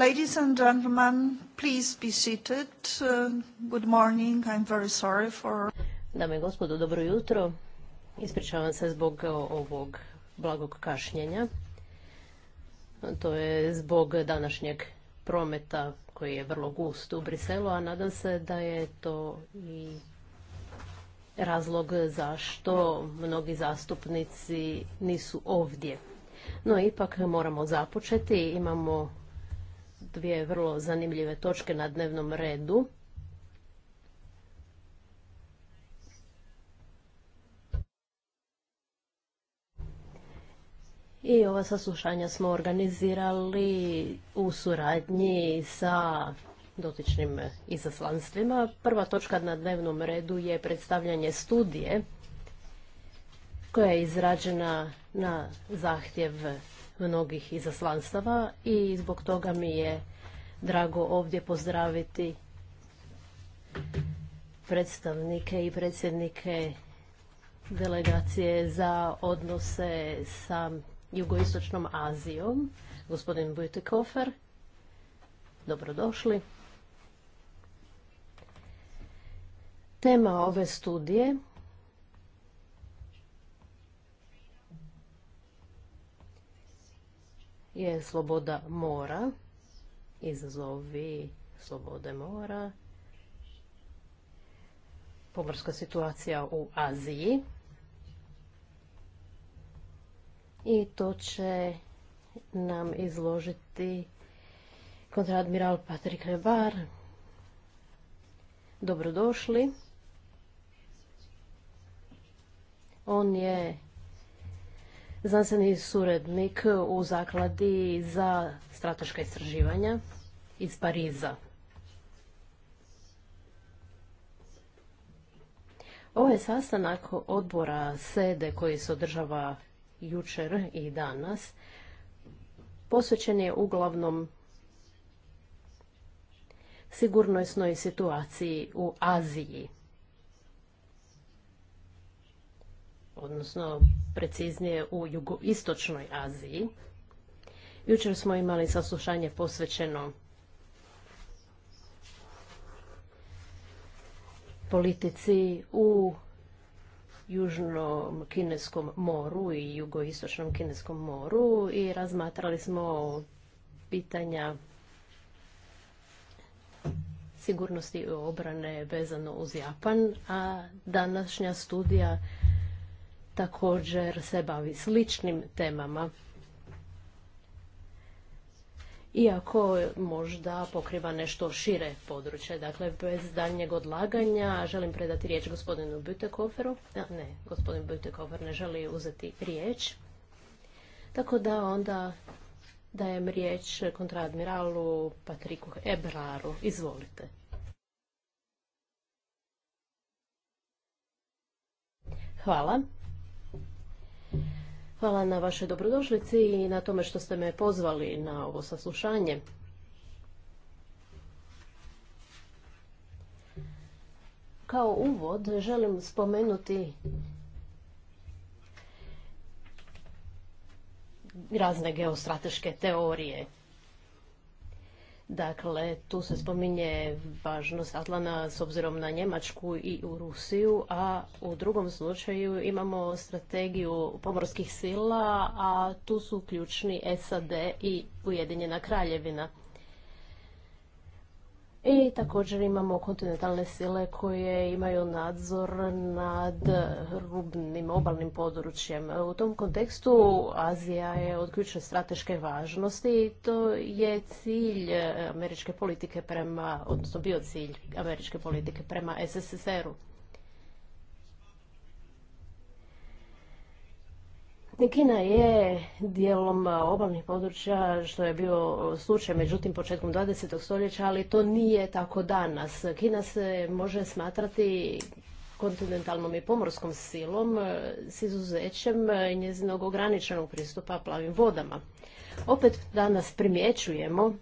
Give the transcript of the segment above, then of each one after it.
Ladies and gentlemen, please be seated. Uh, good morning. I'm very sorry for... Dame i gospodo, dobro jutro. Ispričavam se zbog e, ovog blagog kašnjenja. To je zbog današnjeg prometa koji je vrlo gust u Briselu, a nadam se da je to i razlog zašto mnogi zastupnici nisu ovdje. No ipak moramo započeti, imamo dvije vrlo zanimljive točke na dnevnom redu. I ova saslušanja smo organizirali u suradnji sa dotičnim izaslanstvima. Prva točka na dnevnom redu je predstavljanje studije koja je izrađena na zahtjev mnogih izaslanstava i zbog toga mi je drago ovdje pozdraviti predstavnike i predsjednike delegacije za odnose sa jugoistočnom Azijom, gospodin Bujtekofer. Dobrodošli. Tema ove studije je sloboda mora, izazovi slobode mora, pomorska situacija u Aziji. I to će nam izložiti kontradmiral Patrik Rebar. Dobrodošli. On je znanstveni surednik u Zakladi za strateška istraživanja iz Pariza. Ovaj sastanak odbora SEDE koji se održava jučer i danas posvećen je uglavnom sigurnosnoj situaciji u Aziji. odnosno preciznije u jugoistočnoj Aziji. Jučer smo imali saslušanje posvećeno politici u Južnom Kineskom moru i Jugoistočnom Kineskom moru i razmatrali smo pitanja sigurnosti i obrane vezano uz Japan, a današnja studija također se bavi sličnim temama. Iako možda pokriva nešto šire područje, dakle bez daljnjeg odlaganja želim predati riječ gospodinu Butekoferu. ne, gospodin Butekofer ne želi uzeti riječ. Tako da onda dajem riječ kontraadmiralu Patriku Ebraru. Izvolite. Hvala. Hvala na vašoj dobrodošlici i na tome što ste me pozvali na ovo saslušanje. Kao uvod želim spomenuti razne geostrateške teorije Dakle, tu se spominje važnost Atlana s obzirom na Njemačku i u Rusiju, a u drugom slučaju imamo strategiju pomorskih sila, a tu su ključni SAD i Ujedinjena kraljevina. I također imamo kontinentalne sile koje imaju nadzor nad rubnim obalnim područjem. U tom kontekstu Azija je od ključne strateške važnosti i to je cilj eh, američke politike prema, odnosno bio cilj američke politike prema SSSR-u. Kina je dijelom obalnih područja, što je bio slučaj međutim početkom 20. stoljeća, ali to nije tako danas. Kina se može smatrati kontinentalnom i pomorskom silom e, s izuzećem e, njezinog ograničenog pristupa plavim vodama. Opet danas primjećujemo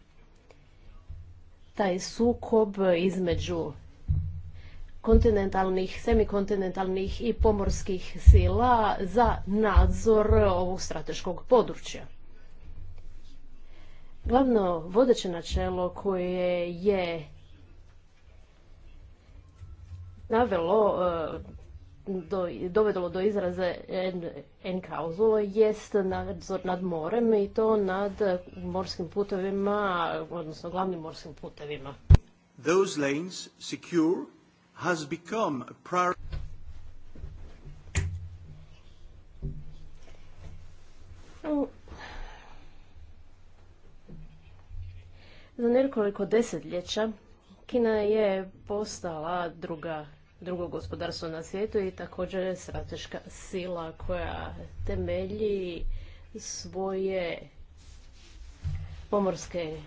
taj sukob između kontinentalnih, semikontinentalnih i pomorskih sila za nadzor ovog strateškog područja. Glavno vodeće načelo koje je navelo eh, do, dovedalo do izraze N klauzula jest nadzor nad morem i to nad morskim putovima, odnosno glavnim morskim putevima. Those lanes secure has become a Za nekoliko desetljeća Kina je postala druga, drugo gospodarstvo na svijetu i također je strateška sila koja temelji svoje pomorske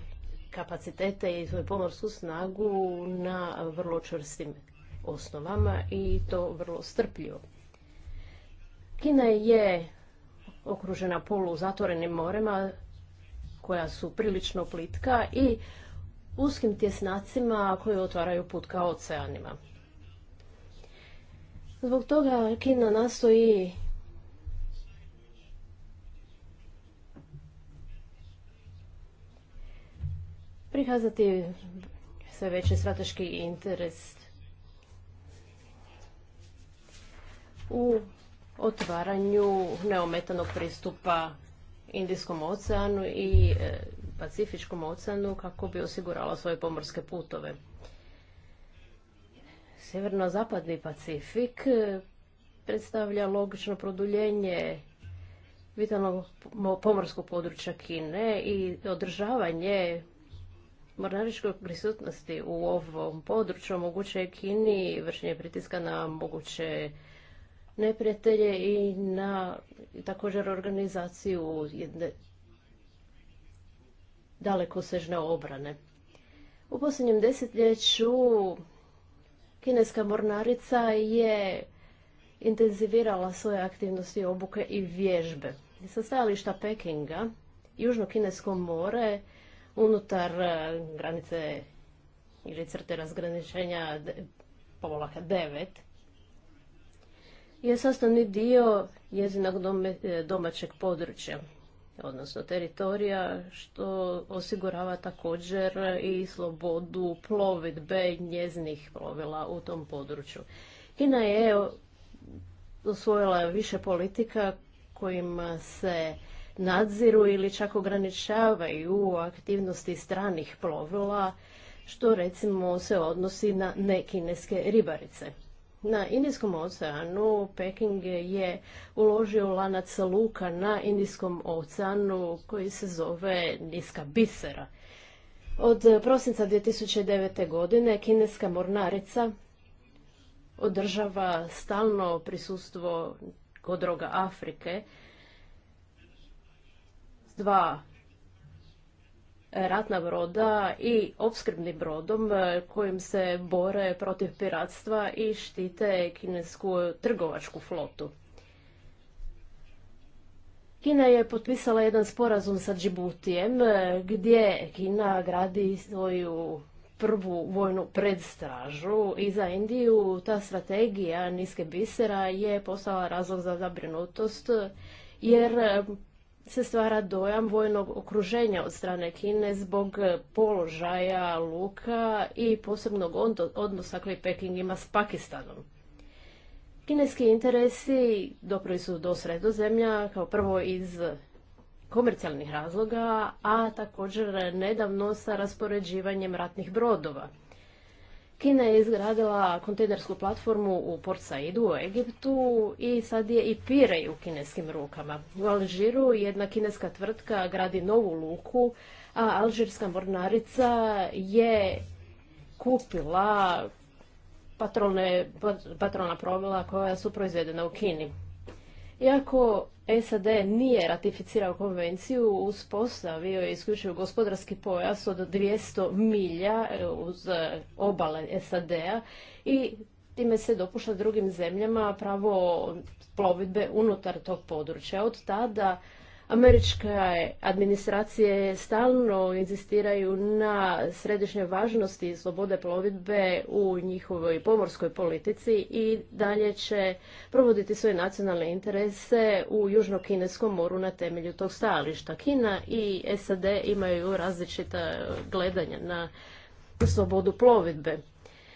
kapacitete i svoju pomorsku snagu na vrlo čvrstim osnovama i to vrlo strpljivo. Kina je okružena polu zatvorenim morema koja su prilično plitka i uskim tjesnacima koji otvaraju put ka oceanima. Zbog toga Kina nastoji prikazati sve veći strateški interes u otvaranju neometanog pristupa Indijskom oceanu i e, Pacifičkom oceanu kako bi osigurala svoje pomorske putove. Sjeverno-zapadni Pacifik e, predstavlja logično produljenje vitalnog pomorskog područja Kine i održavanje mornaričkog prisutnosti u ovom području omogućuje Kini vršenje pritiska na moguće neprijatelje i na također organizaciju jedne dalekosežne obrane. U posljednjem desetljeću kineska mornarica je intenzivirala svoje aktivnosti obuke i vježbe. Sa stajališta Pekinga, Južno-Kinesko more, unutar eh, granice ili crte razgraničenja Povolaka je sastavni dio njezinog e, domaćeg područja, odnosno teritorija, što osigurava također i slobodu plovidbe njezinih plovila u tom području. Kina je osvojila više politika kojima se nadziru ili čak ograničavaju aktivnosti stranih plovila, što recimo se odnosi na nekineske ribarice. Na Indijskom oceanu Peking je uložio lanac luka na Indijskom oceanu koji se zove Niska bisera. Od prosinca 2009. godine kineska mornarica održava stalno prisustvo kod droga Afrike s dva ratna broda i opskrbnim brodom e, kojim se bore protiv piratstva i štite kinesku trgovačku flotu. Kina je potpisala jedan sporazum sa Džibutijem e, gdje Kina gradi svoju prvu vojnu predstražu i za Indiju ta strategija niske bisera je postala razlog za zabrinutost jer e, se stvara dojam vojnog okruženja od strane Kine zbog e, položaja luka i posebnog odnosa koji Peking ima s Pakistanom. Kineski interesi doprli su do sredozemlja, kao prvo iz komercijalnih razloga, a također nedavno sa raspoređivanjem ratnih brodova. Kina je izgradila kontejnersku platformu u Port Saidu u Egiptu i sad je i Pirej u kineskim rukama. U Alžiru jedna kineska tvrtka gradi novu luku, a alžirska mornarica je kupila patrolne, pa, patrolna plovila koja su proizvedena u Kini. Iako SAD nije ratificirao konvenciju, uspostavio je isključivo gospodarski pojas od 200 milja e, uz e, obale SAD-a i time se dopušta drugim zemljama pravo plovidbe unutar tog područja. Od tada Američke administracije stalno inzistiraju na središnje važnosti slobode plovidbe u njihovoj pomorskoj politici i dalje će provoditi svoje nacionalne interese u Južno-Kineskom moru na temelju tog stajališta. Kina i SAD imaju različita gledanja na slobodu plovidbe.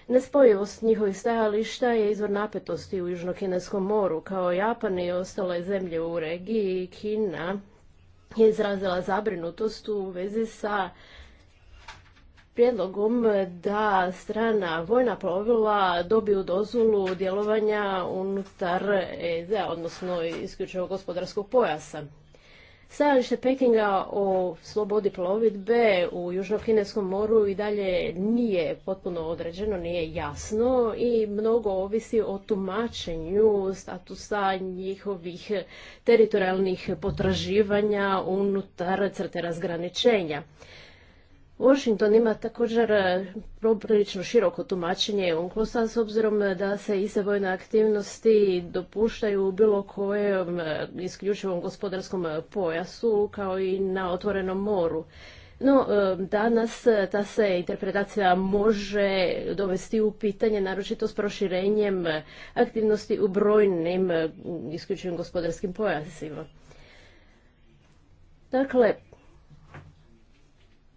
Nespojivost njihovih stajališta je izvor napetosti u Južnokineskom moru, kao Japan i ostale zemlje u regiji. Kina je izrazila zabrinutost u vezi sa prijedlogom da strana vojna plovila dobiju dozvolu djelovanja unutar EZ, odnosno isključivo gospodarskog pojasa. Stajalište Pekinga o slobodi plovidbe u Južno-Kineskom moru i dalje nije potpuno određeno, nije jasno i mnogo ovisi o tumačenju statusa njihovih teritorijalnih potraživanja unutar crte razgraničenja. Washington ima također e, prilično široko tumačenje unclos s obzirom da se iste vojne aktivnosti dopuštaju u bilo kojem e, isključivom gospodarskom pojasu kao i na otvorenom moru. No, e, danas ta se interpretacija može dovesti u pitanje, naročito s proširenjem aktivnosti u brojnim isključivim gospodarskim pojasima. Dakle,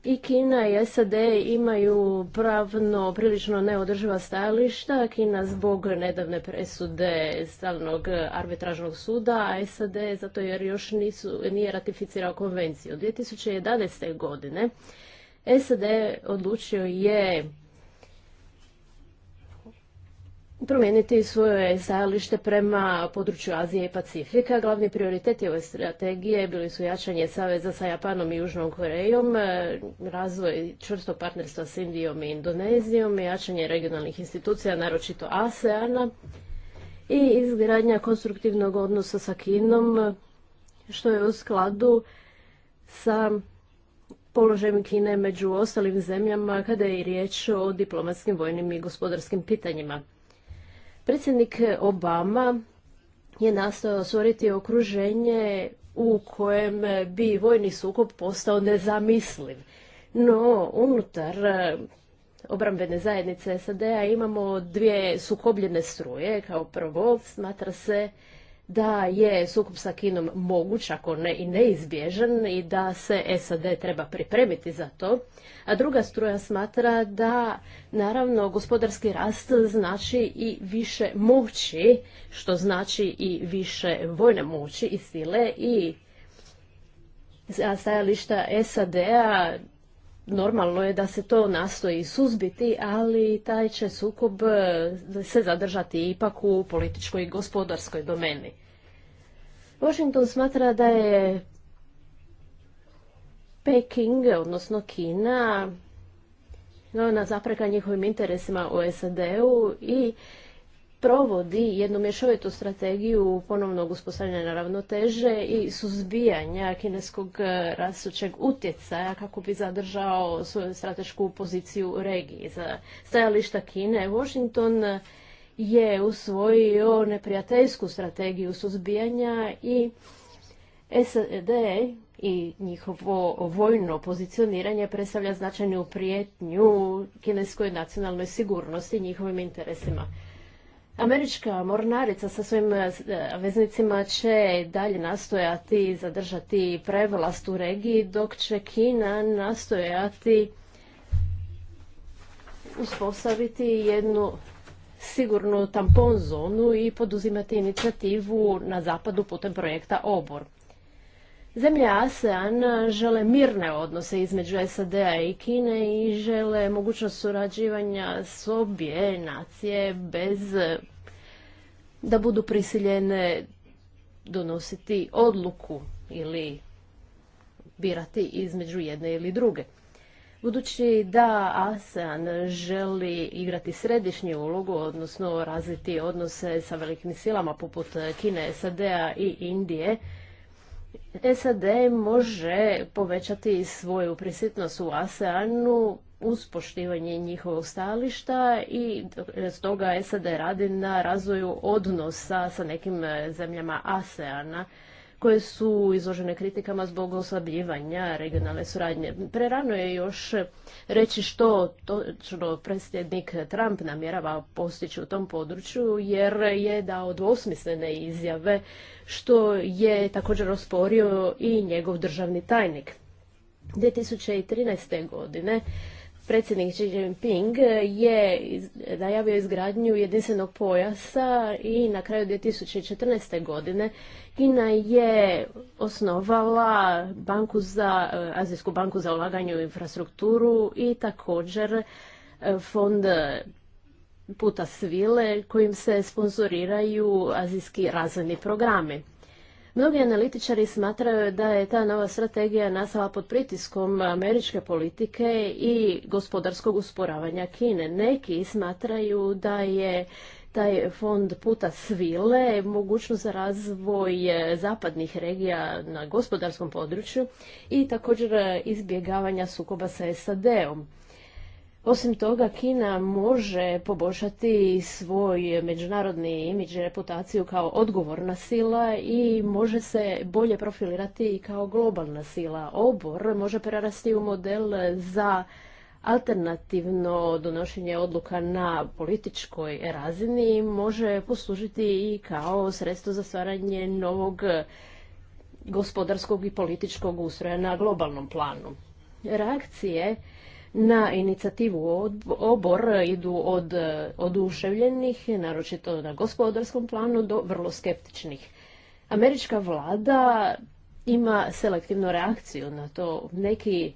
i Kina i SAD imaju pravno prilično neodrživa stajališta. Kina zbog nedavne presude stalnog arbitražnog suda, a SAD zato jer još nisu, nije ratificirao konvenciju. 2011. godine SAD odlučio je promijeniti svoje stajalište prema području Azije i Pacifika. Glavni prioriteti ove strategije bili su jačanje saveza sa Japanom i Južnom Korejom, e, razvoj čvrstog partnerstva s Indijom i Indonezijom, jačanje regionalnih institucija, naročito ASEANA i izgradnja konstruktivnog odnosa sa Kinom, što je u skladu sa položajem Kine među ostalim zemljama kada je riječ o diplomatskim, vojnim i gospodarskim pitanjima. Predsjednik Obama je nastojao stvoriti okruženje u kojem bi vojni sukob postao nezamisliv. No, unutar e, obrambene zajednice SAD-a imamo dvije sukobljene struje. Kao prvo, smatra se da je sukup sa Kinom moguć, ako ne i neizbježan, i da se SAD treba pripremiti za to. A druga struja smatra da, naravno, gospodarski rast znači i više moći, što znači i više vojne moći i sile i stajališta SAD-a normalno je da se to nastoji suzbiti, ali taj će sukob e, se zadržati ipak u političkoj i gospodarskoj domeni. Washington smatra da je Peking, odnosno Kina, na zapreka njihovim interesima u SAD-u i provodi jednu mješovitu strategiju ponovnog uspostavljanja ravnoteže i suzbijanja kineskog e, rasućeg utjecaja kako bi zadržao svoju stratešku poziciju u regiji. Za stajališta Kine, Washington je usvojio neprijateljsku strategiju suzbijanja i SED i njihovo vojno pozicioniranje predstavlja značajnu prijetnju kineskoj nacionalnoj sigurnosti i njihovim interesima. Američka mornarica sa svojim e, veznicima će dalje nastojati zadržati prevlast u regiji, dok će Kina nastojati uspostaviti jednu sigurnu tampon zonu i poduzimati inicijativu na zapadu putem projekta Obor. Zemlje ASEAN e, žele mirne odnose između SAD-a i Kine i žele mogućnost surađivanja s obje nacije bez e, da budu prisiljene donositi odluku ili birati između jedne ili druge. Budući da ASEAN želi igrati središnju ulogu, odnosno razviti odnose sa velikim silama poput Kine, SAD-a i Indije, SAD može povećati svoju prisutnost u ASEANu uz poštivanje njihovog stališta i stoga SAD radi na razvoju odnosa sa nekim zemljama ASEANA koje su izložene kritikama zbog oslabljivanja regionalne suradnje. Prerano je još reći što točno predsjednik Trump namjerava postići u tom području jer je dao dvosmislene izjave što je također osporio i njegov državni tajnik. 2013. godine predsjednik Xi Jinping je najavio izgradnju jedinstvenog pojasa i na kraju 2014. godine Kina je osnovala banku za, Azijsku banku za ulaganje u infrastrukturu i također e, fond puta svile kojim se sponzoriraju azijski razvojni programi. Mnogi analitičari smatraju da je ta nova strategija nastala pod pritiskom američke politike i gospodarskog usporavanja Kine. Neki smatraju da je taj fond puta svile, mogućnost za razvoj zapadnih regija na gospodarskom području i također izbjegavanja sukoba sa SAD-om. Osim toga, Kina može poboljšati svoj međunarodni imidž i reputaciju kao odgovorna sila i može se bolje profilirati i kao globalna sila. Obor može prerasti u model za alternativno donošenje odluka na političkoj razini i može poslužiti i kao sredstvo za stvaranje novog gospodarskog i političkog ustroja na globalnom planu. Reakcije na inicijativu obor idu od e, oduševljenih, naročito na gospodarskom planu, do vrlo skeptičnih. Američka vlada ima selektivnu reakciju na to. Neki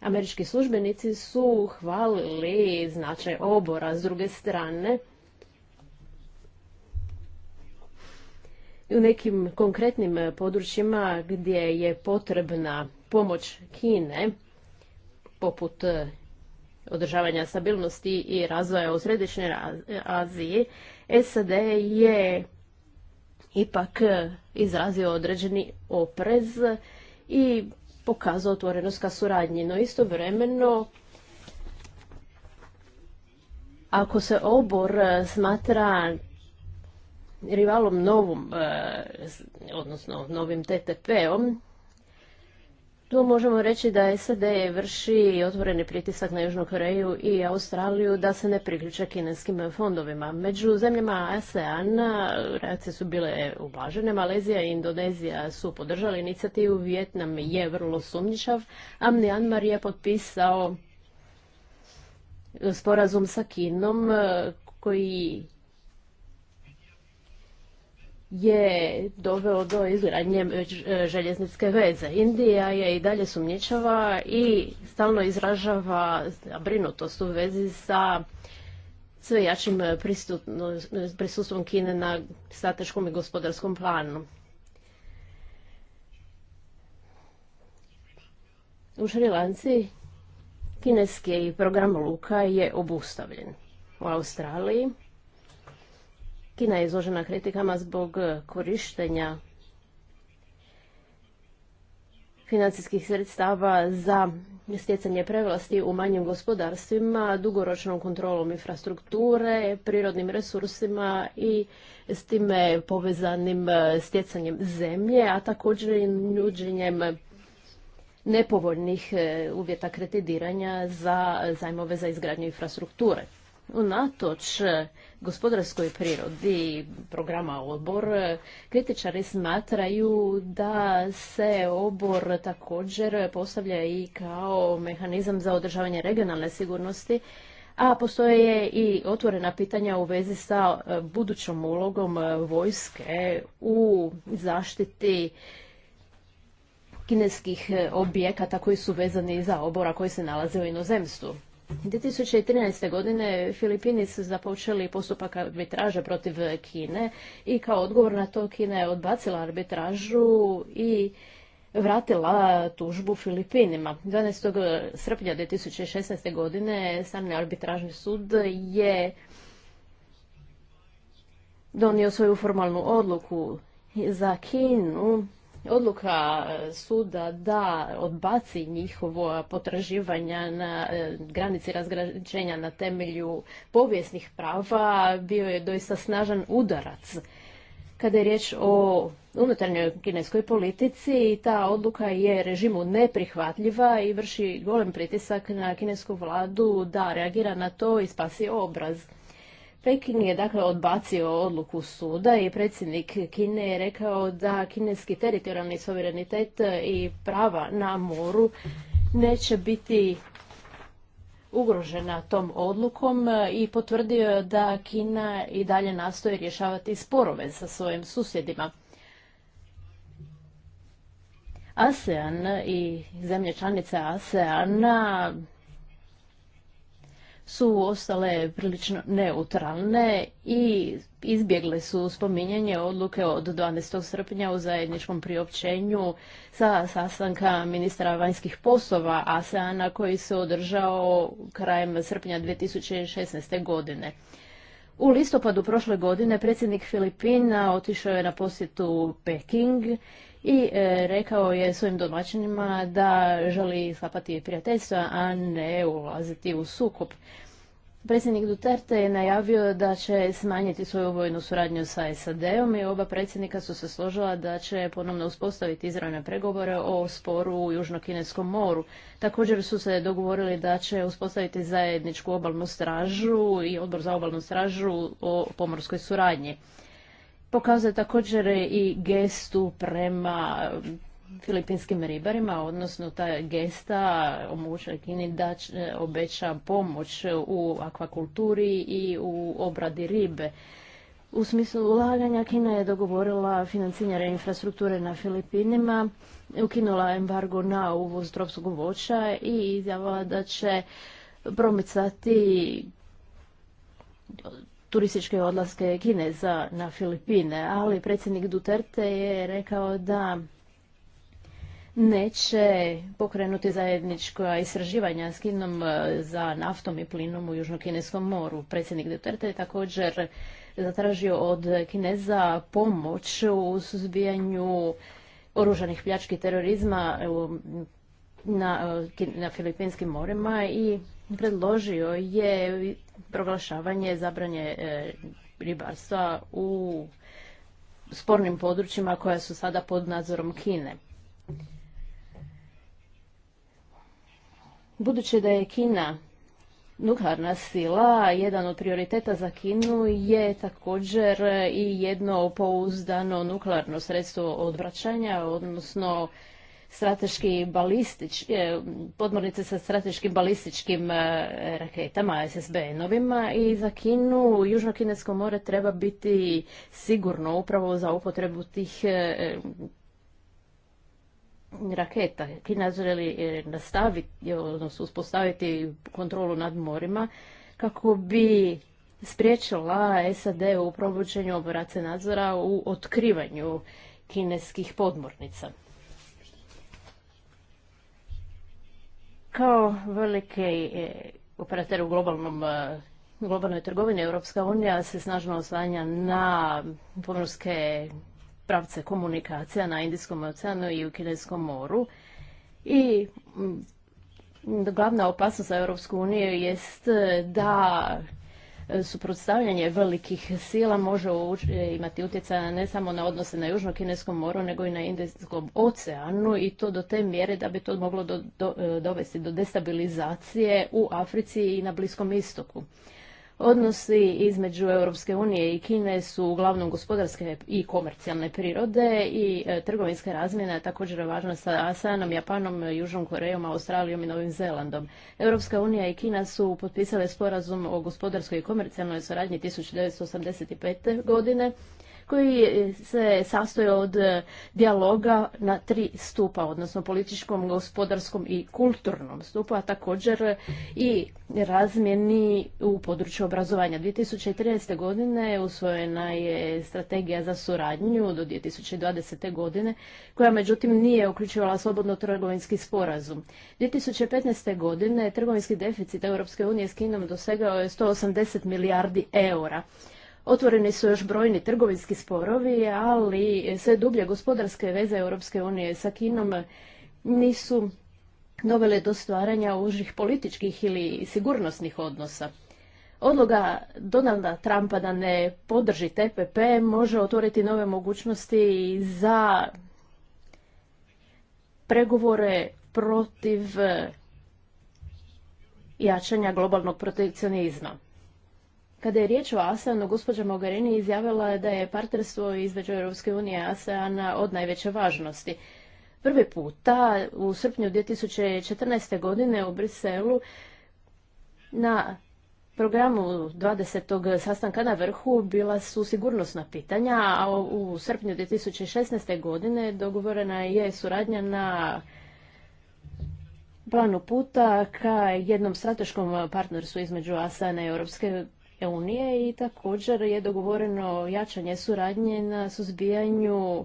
američki službenici su hvalili značaj obora s druge strane. U nekim konkretnim područjima gdje je potrebna pomoć Kine, poput održavanja stabilnosti i razvoja u Središnjoj Aziji, SAD je ipak e, izrazio određeni oprez i pokazao otvorenost ka suradnji. No istovremeno, ako se obor e, smatra rivalom novom, e, odnosno novim TTP-om, tu možemo reći da SAD vrši otvoreni pritisak na Južnu Koreju i Australiju da se ne priključe kineskim fondovima. Među zemljama asean reakcije su bile ublažene. Malezija i Indonezija su podržali inicijativu, Vjetnam je vrlo sumnjičav, a Myanmar je potpisao sporazum sa Kinom koji je doveo do izgradnje e, e, željezničke veze. Indija je i dalje sumnjičava i stalno izražava brinutost u vezi sa sve jačim prisustvom Kine na strateškom i gospodarskom planu. U Šrilanci kineski program Luka je obustavljen. U Australiji Kina je izložena kritikama zbog e, korištenja financijskih sredstava za stjecanje prevlasti u manjim gospodarstvima, dugoročnom kontrolom infrastrukture, prirodnim resursima i s time povezanim e, stjecanjem zemlje, a također i nuđenjem nepovoljnih e, uvjeta kreditiranja za zajmove za izgradnju infrastrukture. Unatoč e, gospodarskoj prirodi programa odbor, e, kritičari smatraju da se obor također postavlja i kao mehanizam za održavanje regionalne sigurnosti, a postoje i otvorena pitanja u vezi sa e, budućom ulogom vojske u zaštiti kineskih objekata koji su vezani za obora koji se nalaze u inozemstvu. 2013. godine Filipini su započeli postupak arbitraže protiv Kine i kao odgovor na to Kina je odbacila arbitražu i vratila tužbu Filipinima. 12. srpnja 2016. godine sami arbitražni sud je donio svoju formalnu odluku za Kinu odluka e, suda da odbaci njihovo potraživanja na e, granici razgraničenja na temelju povijesnih prava bio je doista snažan udarac kada je riječ o unutarnjoj kineskoj politici ta odluka je režimu neprihvatljiva i vrši golem pritisak na kinesku vladu da reagira na to i spasi obraz. Peking je dakle odbacio odluku suda i predsjednik Kine je rekao da kineski teritorijalni suverenitet i prava na moru neće biti ugrožena tom odlukom i potvrdio da Kina i dalje nastoji rješavati sporove sa svojim susjedima. ASEAN i zemlje članice ASEAN su ostale prilično neutralne i izbjegle su spominjanje odluke od 12. srpnja u zajedničkom priopćenju sa sastanka ministra vanjskih poslova ASEANA koji se održao krajem srpnja 2016. godine. U listopadu prošle godine predsjednik Filipina otišao je na posjetu Peking i e, rekao je svojim domaćinima da želi sklapati prijateljstva, a ne ulaziti u sukob. Predsjednik Duterte je najavio da će smanjiti svoju vojnu suradnju sa SAD-om i oba predsjednika su se složila da će ponovno uspostaviti izravne pregovore o sporu u Južnokineskom moru. Također su se dogovorili da će uspostaviti zajedničku obalnu stražu i odbor za obalnu stražu o pomorskoj suradnji pokazuje također i gestu prema filipinskim ribarima, odnosno ta gesta omogućuje Kini da e, obeća pomoć u akvakulturi i u obradi ribe. U smislu ulaganja Kina je dogovorila financiranje infrastrukture na Filipinima, ukinula embargo na uvoz tropskog voća i izjavila da će promicati turističke odlaske Kineza na Filipine, ali predsjednik Duterte je rekao da neće pokrenuti zajednička istraživanja s Kinom e, za naftom i plinom u Južnokineskom moru. Predsjednik Duterte je također zatražio od Kineza pomoć u suzbijanju oružanih pljački terorizma na, e, na Filipinskim morima i predložio je proglašavanje zabranje e, ribarstva u spornim područjima koja su sada pod nadzorom Kine. Budući da je Kina nuklearna sila, jedan od prioriteta za Kinu je također i jedno pouzdano nuklearno sredstvo odvraćanja, odnosno strateški balistič, e, podmornice sa strateškim balističkim e, raketama, SSB ovima i za Kinu Južno-Kinesko more treba biti sigurno upravo za upotrebu tih e, raketa. Kina želi nastaviti, odnosno uspostaviti kontrolu nad morima kako bi spriječila SAD u provođenju operacije nadzora u otkrivanju kineskih podmornica. Kao veliki e, operater u globalnom e, globalnoj trgovini Europska unija se snažno oslanja na pomorske pravce komunikacija na Indijskom oceanu i u Kineskom moru. I glavna opasnost za Europsku uniju jest e, da E, suprotstavljanje velikih sila može imati utjecaja ne samo na odnose na južno Kineskom moru, nego i na Indijskom oceanu i to do te mjere da bi to moglo e, dovesti do destabilizacije u Africi i na Bliskom istoku. Odnosi između Europske unije i Kine su uglavnom gospodarske i komercijalne prirode i e, trgovinska razmjena je također važna sa ASEANom, Japanom, Južnom Korejom, Australijom i Novim Zelandom. Europska unija i Kina su potpisale sporazum o gospodarskoj i komercijalnoj suradnji 1985. godine koji se sastoje od e, dijaloga na tri stupa, odnosno političkom, gospodarskom i kulturnom stupu, a također i razmjeni u području obrazovanja. 2013. godine usvojena je strategija za suradnju do 2020. godine, koja međutim nije uključivala slobodno trgovinski sporazum. 2015. godine trgovinski deficit Europske unije s Kinom dosegao je 180 milijardi eura. Otvoreni su još brojni trgovinski sporovi, ali sve dublje gospodarske veze Europske unije sa Kinom nisu dovele do stvaranja užih političkih ili sigurnosnih odnosa. Odloga Donalda Trumpa da ne podrži TPP može otvoriti nove mogućnosti za pregovore protiv jačanja globalnog protekcionizma. Kada je riječ o ASEANu, gospođa Mogherini izjavila je da je partnerstvo između Europske unije i ASEANa od najveće važnosti. Prvi puta u srpnju 2014. godine u Briselu na programu 20. sastanka na vrhu bila su sigurnosna pitanja, a u srpnju 2016. godine dogovorena je suradnja na planu puta ka jednom strateškom partnerstvu između ASEAN i Europske unije i također je dogovoreno jačanje suradnje na suzbijanju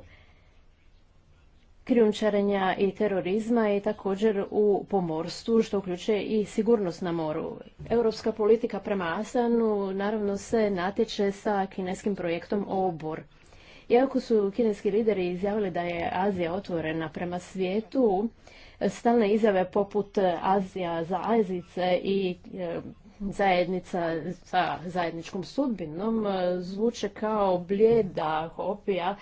krijumčarenja i terorizma i također u pomorstvu, što uključuje i sigurnost na moru. Europska politika prema ASEANu naravno se natječe sa kineskim projektom OBOR. Iako su kineski lideri izjavili da je Azija otvorena prema svijetu, stalne izjave poput Azija za Azice i e, zajednica sa zajedničkom sudbinom e, zvuče kao bljeda kopija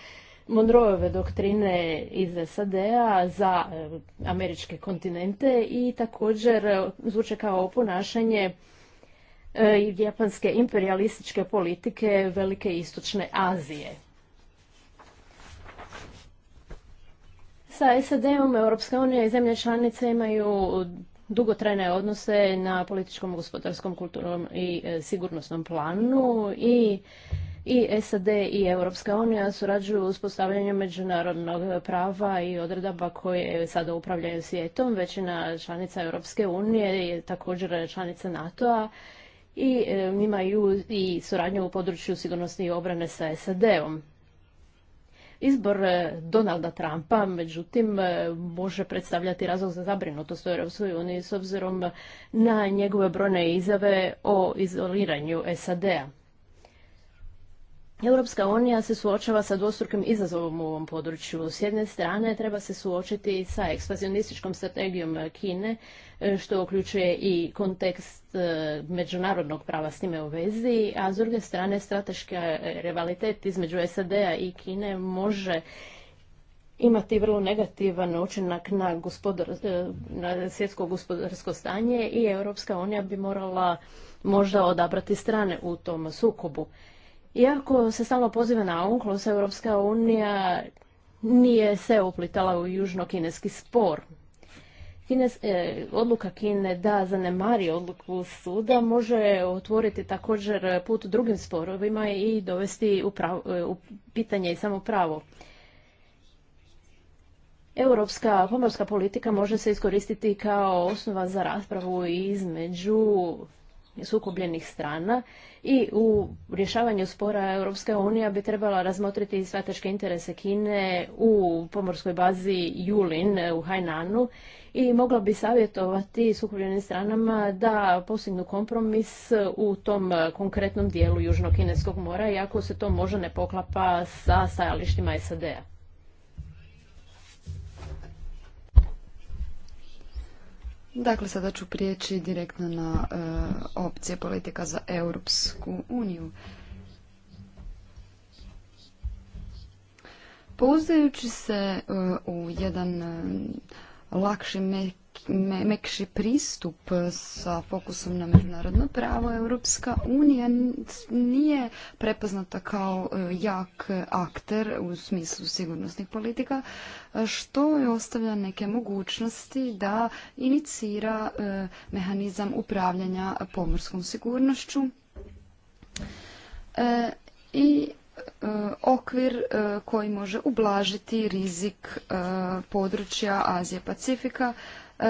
Monroeve doktrine iz SAD-a za e, američke kontinente i također e, zvuče kao ponašanje japanske imperialističke politike Velike istočne Azije. Sa SAD-om Europska unija i zemlje članice imaju dugotrajne odnose na političkom, gospodarskom, kulturnom i e, sigurnosnom planu i i SAD i Europska unija surađuju u uspostavljanju međunarodnog prava i odredaba koje sada upravljaju svijetom. Većina članica Europske unije je također članica NATO-a i e, imaju i suradnju u području sigurnosti i obrane sa SAD-om. Izbor e, Donalda Trumpa, međutim, e, može predstavljati razlog za zabrinutost u Europskoj uniji s obzirom na njegove brojne izjave o izoliranju SAD-a. Europska unija se suočava sa dvostrukim izazovom u ovom području. S jedne strane treba se suočiti sa ekspazionističkom strategijom Kine, e, što uključuje i kontekst e, međunarodnog prava s time u vezi, a s druge strane strateški rivalitet između SAD-a i Kine može imati vrlo negativan učinak na, e, na svjetsko gospodarsko stanje i Europska unija bi morala možda odabrati strane u tom sukobu. Iako se stalno poziva na UNCLOS, Europska unija nije se uplitala u južno-kineski spor. E, odluka Kine da zanemari odluku suda može otvoriti također put drugim sporovima i dovesti u, e, u pitanje i samo pravo. Europska pomorska politika može se iskoristiti kao osnova za raspravu između sukobljenih strana i u rješavanju spora Europska unija bi trebala razmotriti strateške interese Kine u pomorskoj bazi Julin u Hainanu i mogla bi savjetovati sukobljenim stranama da postignu kompromis u tom konkretnom dijelu Južnokineskog mora, iako se to možda ne poklapa sa stajalištima SAD-a. Dakle, sada ću prijeći direktno na e, opcije politika za Europsku uniju. Pouzdajući se e, u jedan e, lakši me mekši pristup e, sa fokusom na međunarodno pravo, Europska unija nije prepoznata kao e, jak akter u smislu sigurnosnih politika, e, što je ostavlja neke mogućnosti da inicira mehanizam upravljanja pomorskom sigurnošću. I okvir koji može ublažiti rizik područja Azije Pacifika E,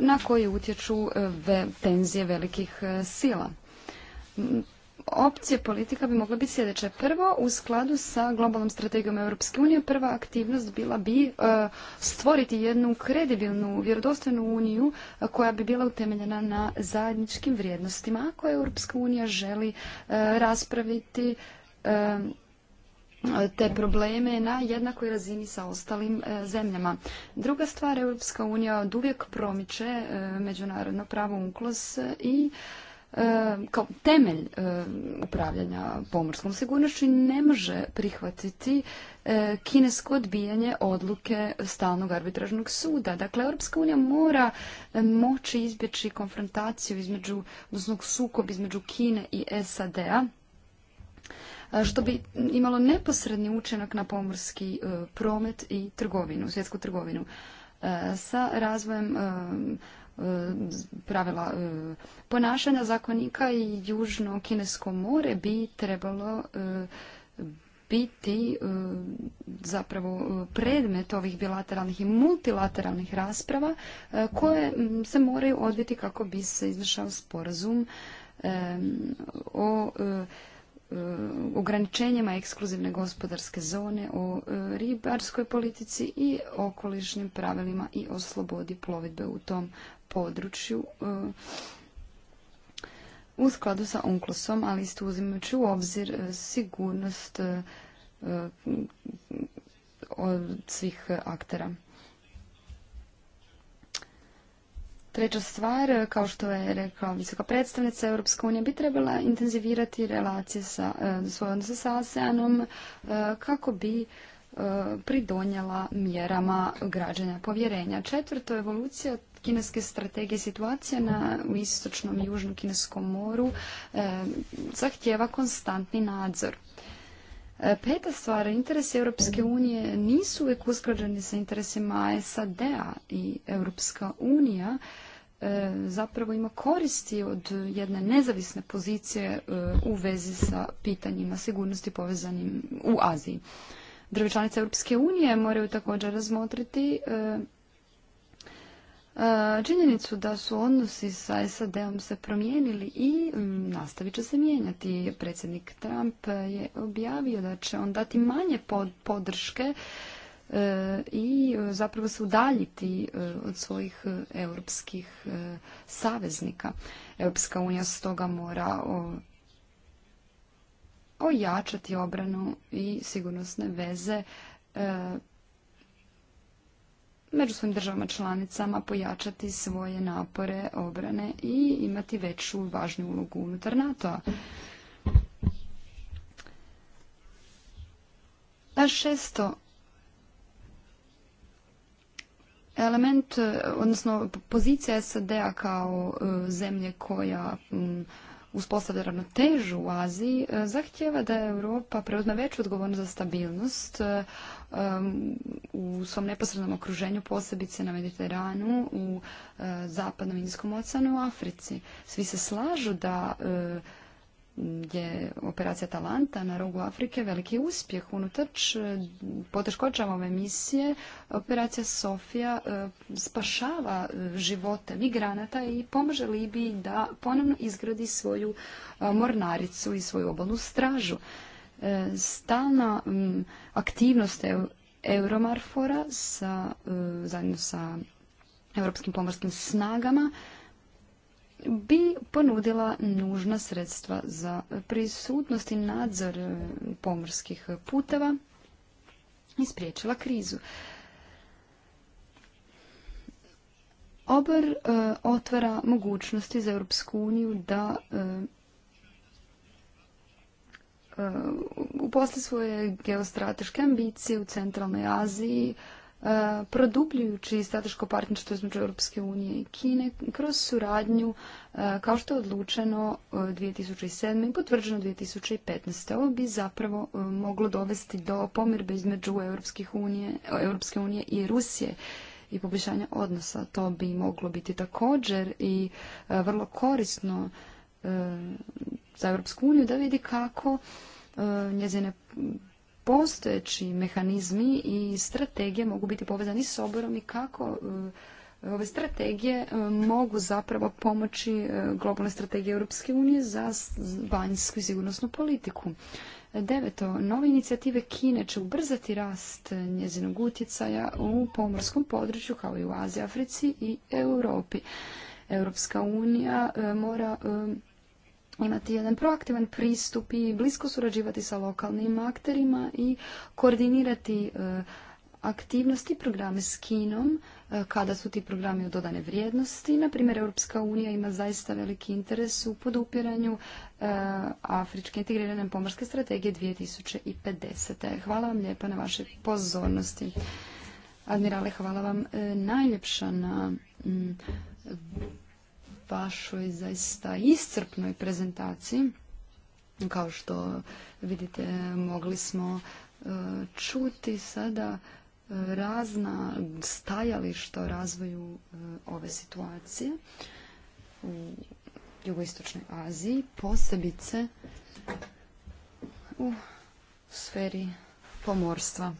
na koji utječu e, tenzije velikih e, sila. Opcije politika bi mogle biti sljedeće. Prvo, u skladu sa globalnom strategijom Europske unije, prva aktivnost bila bi stvoriti jednu kredibilnu, vjerodostojnu uniju koja bi bila utemeljena na zajedničkim vrijednostima koje Europska unija želi raspraviti te probleme na jednakoj razini sa ostalim e, zemljama. Druga stvar, Europska unija uvijek promiče e, međunarodno pravo unklos i e, kao temelj upravljanja pomorskom sigurnošću ne može prihvatiti kinesko odbijanje odluke stalnog arbitražnog suda. Dakle, Europska unija mora moći izbjeći konfrontaciju između, odnosno sukob između Kine i SAD-a što bi imalo neposredni učinak na pomorski e, promet i trgovinu, svjetsku trgovinu. E, sa razvojem e, pravila ponašanja zakonika i južno kinesko more bi trebalo biti zapravo predmet ovih bilateralnih i multilateralnih rasprava koje se moraju odviti kako bi se izvršao sporazum o E, ograničenjima ekskluzivne gospodarske zone, o e, ribarskoj politici i okolišnim pravilima i o slobodi plovidbe u tom području e, u skladu sa unclos ali isto uzimajući u obzir sigurnost od svih aktera. Treća stvar, kao što je rekla visoka predstavnica, Europska unija bi trebala intenzivirati relacije sa, e, svoje odnose e, kako bi e, pridonjala mjerama građanja povjerenja. Četvrto, evolucija kineske strategije situacija na istočnom i južnom kineskom moru zahtjeva konstantni nadzor. E, peta stvar, interesi Europske unije nisu uvijek usklađeni sa interesima SAD-a i Europska unija e, zapravo ima koristi od jedne nezavisne pozicije e, u vezi sa pitanjima sigurnosti povezanim u Aziji. Države članice Europske unije moraju također razmotriti činjenicu da su odnosi sa SAD-om se promijenili i mm, nastavit će se mijenjati. Predsjednik Trump je objavio da će on dati manje podrške e, i zapravo se udaljiti e, od svojih e, europskih saveznika. Europska unija stoga mora ojačati obranu i sigurnosne veze među svojim državama članicama pojačati svoje napore obrane i imati veću važnju ulogu unutar NATO-a. A šesto, element, odnosno pozicija SAD-a kao e, zemlje koja uspostavlja ravnotežu u Aziji, e, zahtjeva da Europa preuzme veću odgovornost za stabilnost e, u svom neposrednom okruženju, posebice na Mediteranu, u e, zapadnom Indijskom oceanu, u Africi. Svi se slažu da je operacija Talanta na rogu Afrike veliki uspjeh. Unutrč e, poteškoćama ove misije operacija Sofija e, spašava e, živote migranata i pomaže Libiji da ponovno izgradi svoju mornaricu i svoju obalnu stražu. Stalna aktivnost Euromarfora zajedno sa europskim pomorskim snagama bi ponudila nužna sredstva za prisutnost i nadzor e, pomorskih puteva i spriječila krizu. Obor e, otvara mogućnosti za Europsku uniju da e, e svoje geostrateške ambicije u centralnoj Aziji, E, produbljujući strateško partnerstvo između Europske unije i Kine kroz suradnju e, kao što je odlučeno 2007. E, i potvrđeno 2015. Ovo bi zapravo moglo dovesti do pomirbe između Europske unije i Rusije i poboljšanja odnosa. To bi moglo biti također i vrlo korisno za Europsku uniju da vidi kako njezine postojeći mehanizmi i strategije mogu biti povezani s oborom i kako e, ove strategije e, mogu zapravo pomoći e, globalne strategije Europske unije za vanjsku i sigurnosnu politiku. Deveto, nove inicijative Kine će ubrzati rast njezinog utjecaja u pomorskom području kao i u Aziji, Africi i Europi. Europska unija mora imati jedan proaktivan pristup i blisko surađivati sa lokalnim akterima i koordinirati e, aktivnosti i programe s Kinom e, kada su ti programi u dodane vrijednosti. Naprimjer, Europska unija ima zaista veliki interes u podupiranju e, Afričke integrirane pomorske strategije 2050. Hvala vam lijepa na vašoj pozornosti. Admirale, hvala vam najljepša na vašoj zaista iscrpnoj prezentaciji. Kao što vidite, mogli smo e, čuti sada e, razna stajališta o razvoju e, ove situacije u jugoistočnoj Aziji, posebice u sferi pomorstva.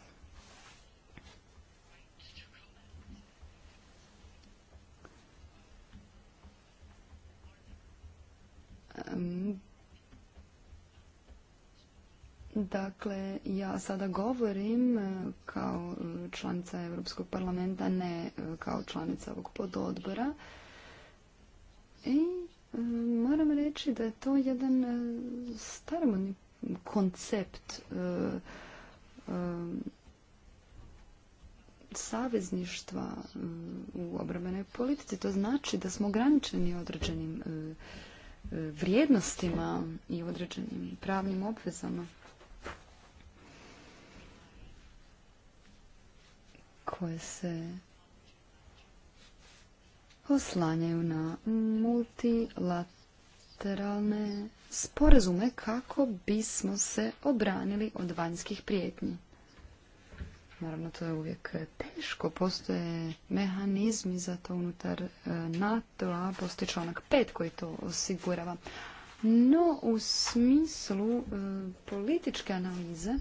Dakle, ja sada govorim e, kao članica Europskog parlamenta, ne e, kao članica ovog pododbora. I e, moram reći da je to jedan staromodni koncept savezništva u obrambenoj politici. To znači da smo ograničeni određenim vrijednostima i određenim pravnim obvezama koje se oslanjaju na multilateralne sporazume kako bismo se obranili od vanjskih prijetnji. Naravno, to je uvijek teško. Postoje mehanizmi za to unutar e, NATO-a. Postoji članak pet koji to osigurava. No, u smislu e, političke analize,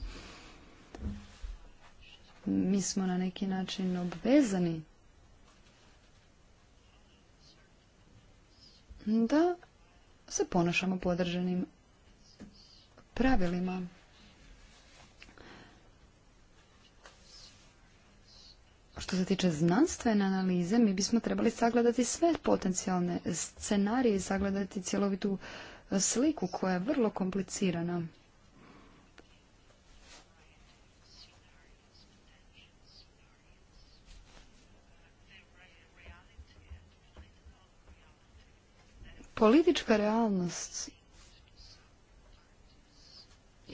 mi smo na neki način obvezani da se ponašamo podrženim pravilima. Što se tiče znanstvene analize, mi bismo trebali sagledati sve potencijalne scenarije i sagledati cjelovitu e, sliku koja je vrlo komplicirana. Politička realnost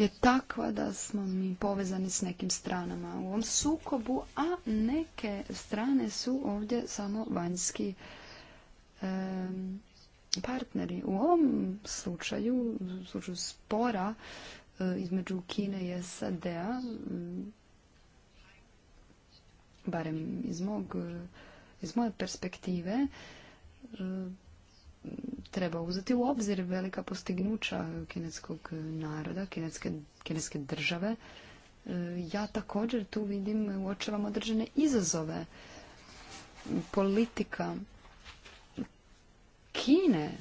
je takva da smo mi povezani s nekim stranama u ovom sukobu, a neke strane su ovdje samo vanjski partneri. U ovom slučaju, u slučaju spora e, između Kine i SAD-a, barem iz, mog, e, iz moje perspektive, e, treba uzeti u obzir velika postignuća kineskog naroda, kineske, države. E, ja također tu vidim, uočavam određene izazove. Politika Kine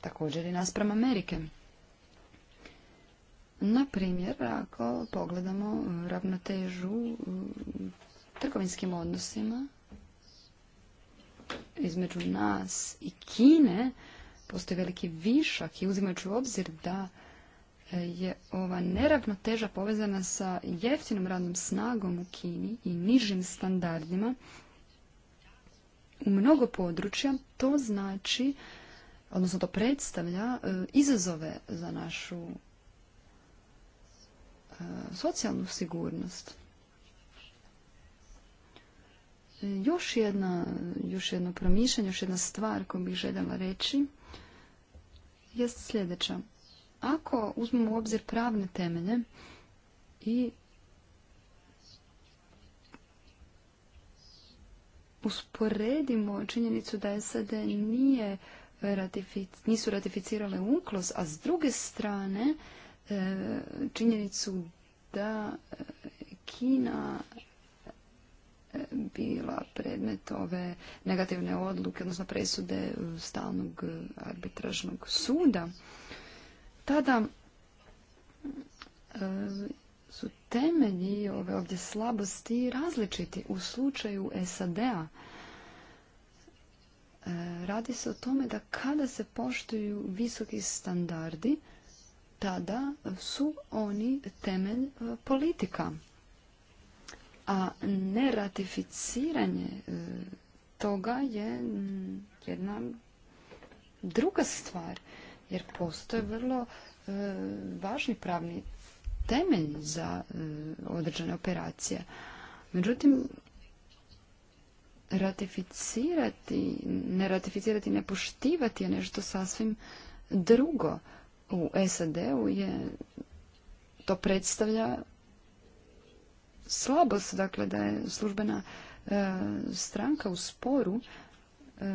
također i naspram Amerike. Na primjer, ako pogledamo ravnotežu trgovinskim odnosima između nas i Kine postoji veliki višak i uzimajući u obzir da e, je ova neravnoteža povezana sa jeftinom radnom snagom u Kini i nižim standardima u mnogo područja, to znači, odnosno to predstavlja e, izazove za našu e, socijalnu sigurnost. Još, jedna, još jedno promišljanje, još jedna stvar koju bih željela reći je sljedeća. Ako uzmemo u obzir pravne temelje i usporedimo činjenicu da SAD nije nisu ratificirale uklos, a s druge strane e, činjenicu da Kina bila predmet ove negativne odluke, odnosno presude stalnog arbitražnog suda, tada e, su temelji ove ovdje slabosti različiti. U slučaju SAD-a e, radi se o tome da kada se poštuju visoki standardi, tada su oni temelj e, politika a neratificiranje e, toga je jedna druga stvar, jer postoje vrlo e, važni pravni temelj za e, određene operacije. Međutim, ratificirati, ne ratificirati, ne poštivati je nešto sasvim drugo. U SAD-u je to predstavlja slabost, dakle da je službena e, stranka u sporu e,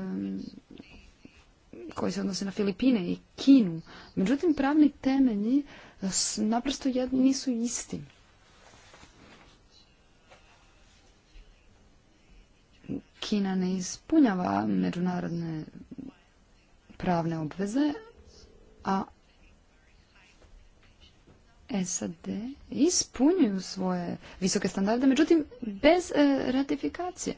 koji se odnose na Filipine i Kinu. Međutim, pravni temelji e, naprosto nisu isti. Kina ne ispunjava međunarodne pravne obveze, a SAD ispunjuju svoje visoke standarde, međutim bez e, ratifikacije.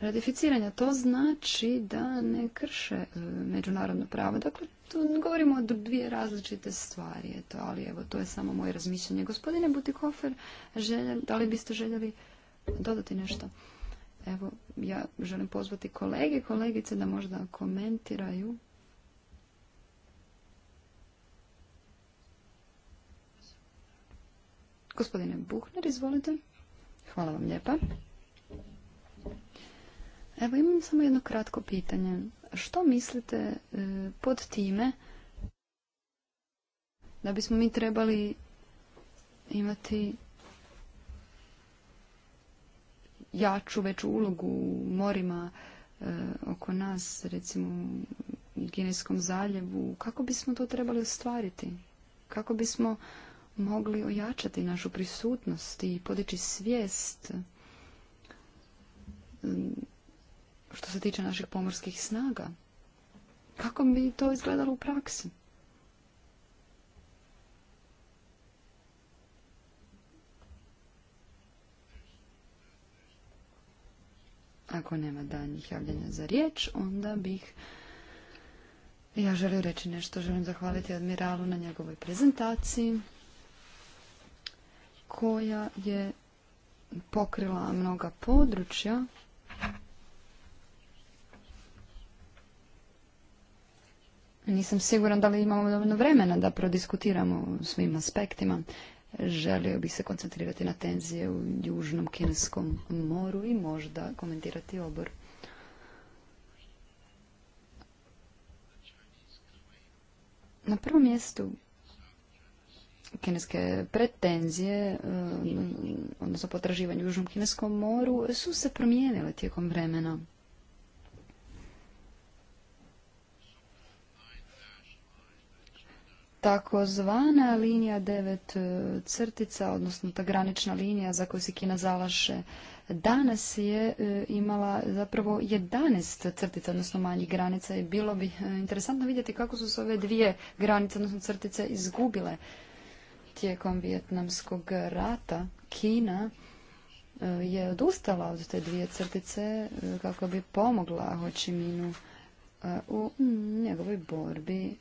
Ratificiranja to znači da ne krše e, međunarodno pravo. Dakle, tu govorimo o dvije različite stvari, ali evo, to je samo moje razmišljanje. Gospodine Butikofer, da li biste željeli dodati nešto? Evo, ja želim pozvati kolege, kolegice da možda komentiraju Gospodine Buhner, izvolite. Hvala vam lijepa. Evo imam samo jedno kratko pitanje. Što mislite e, pod time da bismo mi trebali imati jaču, veću ulogu u morima e, oko nas, recimo u Gineskom zaljevu, kako bismo to trebali ostvariti? Kako bismo mogli ojačati našu prisutnost i podići svijest mm, što se tiče naših pomorskih snaga. Kako bi to izgledalo u praksi? Ako nema danjih javljanja za riječ, onda bih ja želio reći nešto. Želim zahvaliti admiralu na njegovoj prezentaciji koja je pokrila mnoga područja Nisam siguran da li imamo dovoljno vremena da prodiskutiramo svim aspektima. Želio bih se koncentrirati na tenzije u Južnom Kineskom moru i možda komentirati obor. Na prvom mjestu kineske pretenzije, eh, odnosno potraživanje u Južnom kineskom moru, su se promijenile tijekom vremena. takozvana linija devet eh, crtica, odnosno ta granična linija za koju se Kina zalaše, danas je eh, imala zapravo 11 crtica, odnosno manjih granica i bilo bi interesantno vidjeti kako su se ove dvije granice, odnosno crtice, izgubile tijekom Vjetnamskog rata Kina e, je odustala od te dvije crtice e, kako bi pomogla Ho Chi Minu e, u njegovoj borbi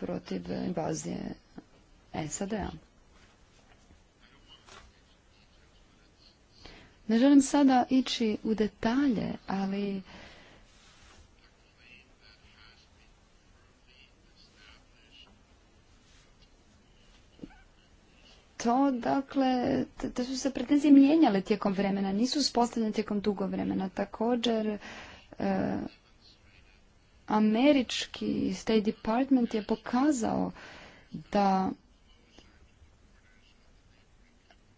protiv invazije SAD-a. Ne želim sada ići u detalje, ali to, dakle, da su se pretenzije mijenjale tijekom vremena, nisu uspostavljene tijekom dugo vremena. Također, e, američki State Department je pokazao da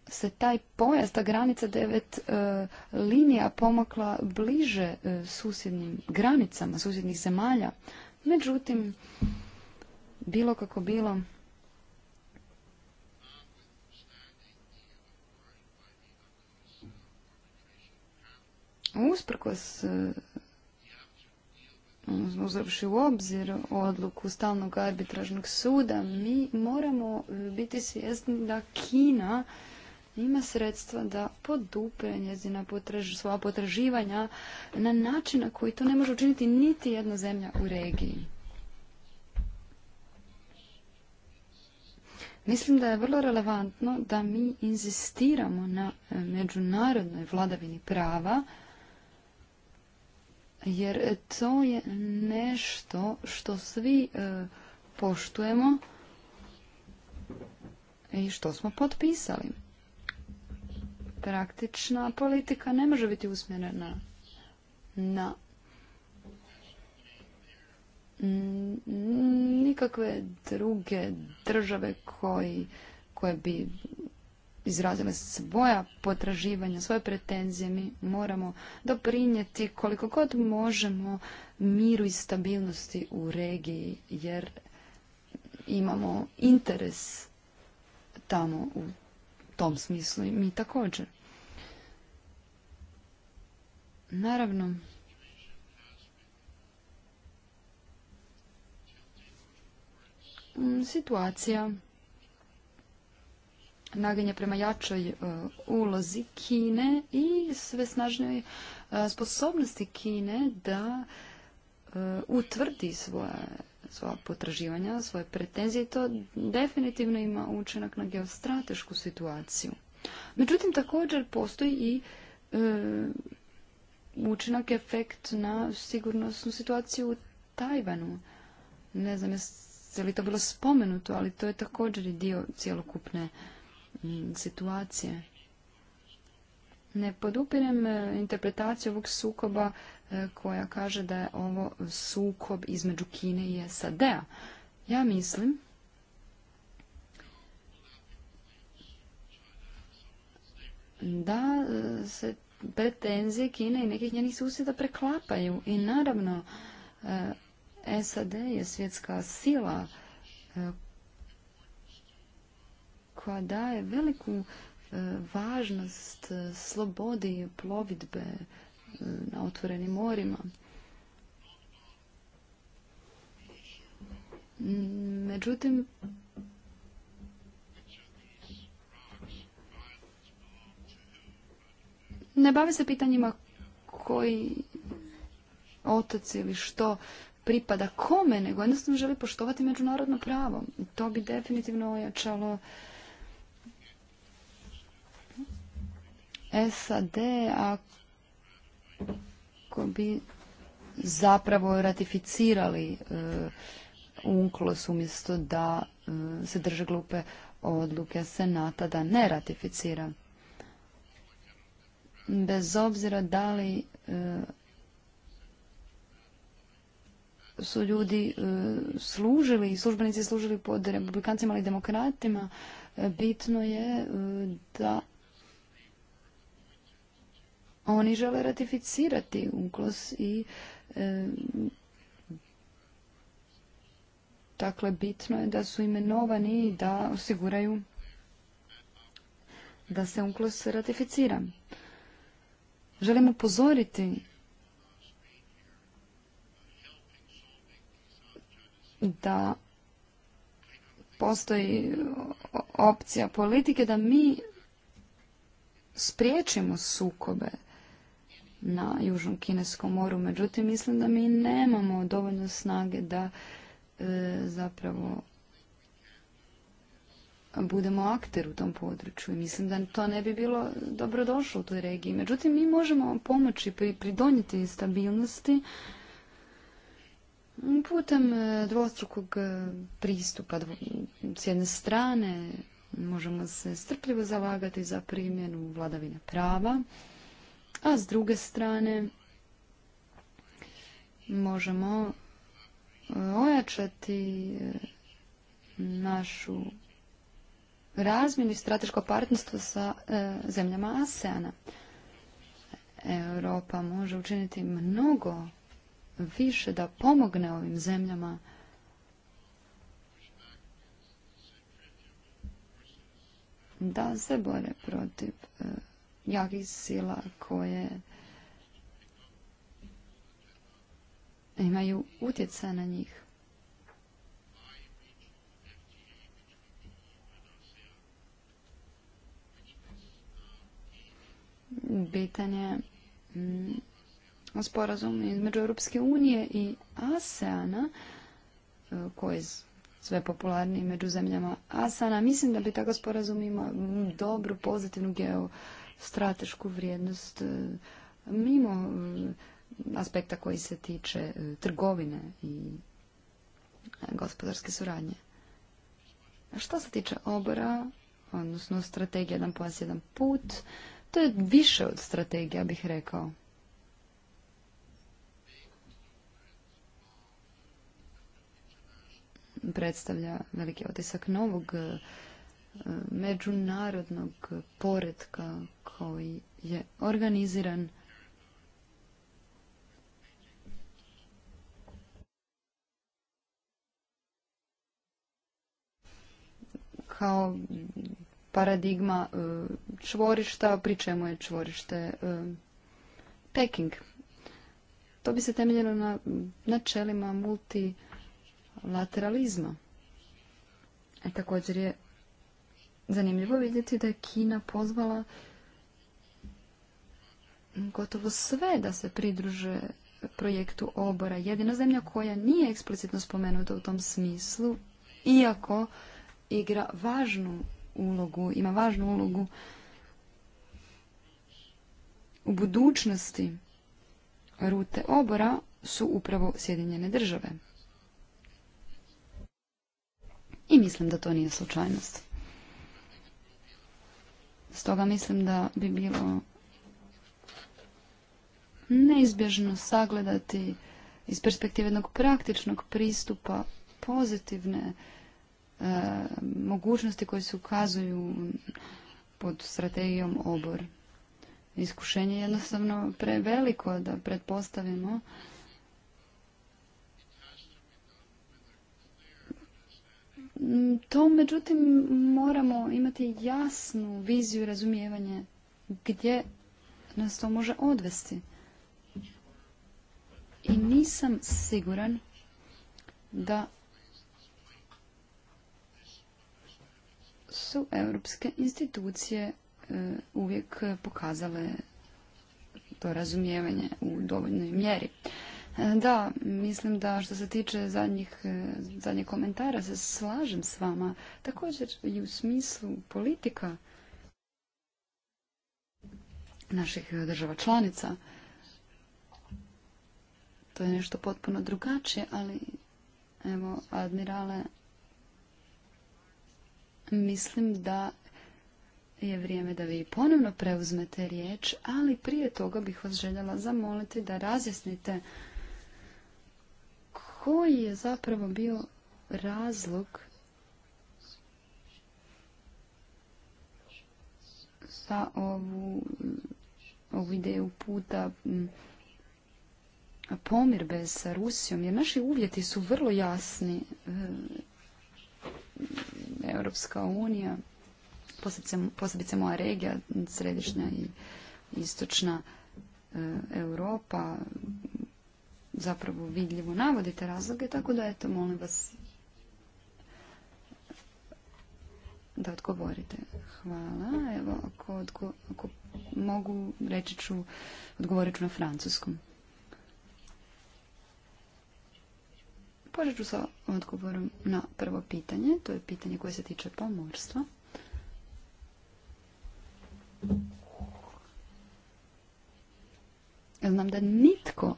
se taj pojas, ta granica devet e, linija pomakla bliže e, susjednim granicama susjednih zemalja. Međutim, bilo kako bilo, usprkos eh, uzavši u obzir odluku stalnog arbitražnog suda, mi moramo eh, biti svjesni da Kina ima sredstva da podupre njezina potraž, svoja potraživanja na način na koji to ne može učiniti niti jedna zemlja u regiji. Mislim da je vrlo relevantno da mi inzistiramo na eh, međunarodnoj vladavini prava, jer to je nešto što svi e, poštujemo i što smo potpisali. Praktična politika ne može biti usmjerena na nikakve druge države koji, koje bi izrazile svoja potraživanja, svoje pretenzije, mi moramo doprinijeti koliko god možemo miru i stabilnosti u regiji, jer imamo interes tamo u tom smislu i mi također. Naravno, mm, situacija naginje prema jačoj e, ulozi Kine i sve snažnjoj e, sposobnosti Kine da e, utvrdi svoje svoja potraživanja, svoje pretenzije i to definitivno ima učinak na geostratešku situaciju. Međutim, također postoji i učinak, efekt na sigurnosnu situaciju u Tajvanu. Ne znam je li to bilo spomenuto, ali to je također i dio cjelokupne situacije. Ne podupirem e, interpretaciju ovog sukoba e, koja kaže da je ovo sukob između Kine i SAD-a. Ja mislim da e, se pretenzije Kine i nekih njenih susjeda preklapaju i naravno SAD je svjetska sila koja daje veliku e, važnost e, slobodi plovidbe e, na otvorenim morima. Međutim, ne bave se pitanjima koji otoci ili što pripada kome, nego jednostavno želi poštovati međunarodno pravo. To bi definitivno ojačalo SAD ako bi zapravo ratificirali e, UNCLOS umjesto da e, se drže glupe odluke Senata da ne ratificira. Bez obzira da li e, su ljudi služili i službenici služili pod republikancima ili demokratima, bitno je da oni žele ratificirati UNCLOS i e, dakle bitno je da su imenovani i da osiguraju da se UNCLOS ratificira. Želim upozoriti da postoji opcija politike da mi spriječimo sukobe na Južnom Kineskom moru. Međutim, mislim da mi nemamo dovoljno snage da e, zapravo budemo akter u tom području. I mislim da to ne bi bilo dobrodošlo u toj regiji. Međutim, mi možemo pomoći pri, pridonijeti stabilnosti putem e, dvostrukog e, pristupa. S jedne strane možemo se strpljivo zalagati za primjenu vladavine prava, a s druge strane možemo e, ojačati e, našu razmjenu i strateško partnerstvo sa e, zemljama ASEANA. Europa može učiniti mnogo više da pomogne ovim zemljama da se bore protiv jakih sila koje imaju utjecaj na njih. bitan je mm, sporazum između Europske unije i ASEANA e, koji je sve popularniji među zemljama ASEANA. Mislim da bi takav sporazum imao mm, dobru pozitivnu geo stratešku vrijednost e, mimo e, aspekta koji se tiče e, trgovine i gospodarske suradnje. Što se tiče obora, odnosno strategija jedan pojas jedan put, to je više od strategija, bih rekao. Predstavlja veliki otisak novog međunarodnog poredka koji je organiziran kao paradigma e, čvorišta, pri čemu je čvorište e, Peking. To bi se temeljilo na načelima multilateralizma. E, također je zanimljivo vidjeti da je Kina pozvala gotovo sve da se pridruže projektu obora. Jedina zemlja koja nije eksplicitno spomenuta u tom smislu, iako igra važnu ulogu, ima važnu ulogu u budućnosti rute obora su upravo Sjedinjene države. I mislim da to nije slučajnost. Stoga mislim da bi bilo neizbježno sagledati iz perspektive jednog praktičnog pristupa pozitivne e, mogućnosti koje se ukazuju pod strategijom obor. Iskušenje je jednostavno preveliko da pretpostavimo Mm, to međutim moramo imati jasnu viziju i razumijevanje gdje nas to može odvesti. I nisam siguran da su europske institucije e, uvijek pokazale to razumijevanje u dovoljnoj mjeri. E, da, mislim da što se tiče e, zadnjih, komentara se slažem s vama. Također i u smislu politika naših država članica. To je nešto potpuno drugačije, ali evo, admirale, mislim da je vrijeme da vi ponovno preuzmete riječ, ali prije toga bih vas željela zamoliti da razjasnite koji je zapravo bio razlog za ovu, ovu ideju puta pomirbe sa Rusijom, jer naši uvjeti su vrlo jasni. E, Europska unija, posebice, moja regija, središnja i istočna e, Europa, zapravo vidljivo navodite razloge, tako da eto, molim vas da odgovorite. Hvala. Evo, ako, mogu, reći ću, odgovorit ću na francuskom. Počet ću sa odgovorom na prvo pitanje. To je pitanje koje se tiče pomorstva. Znam da nitko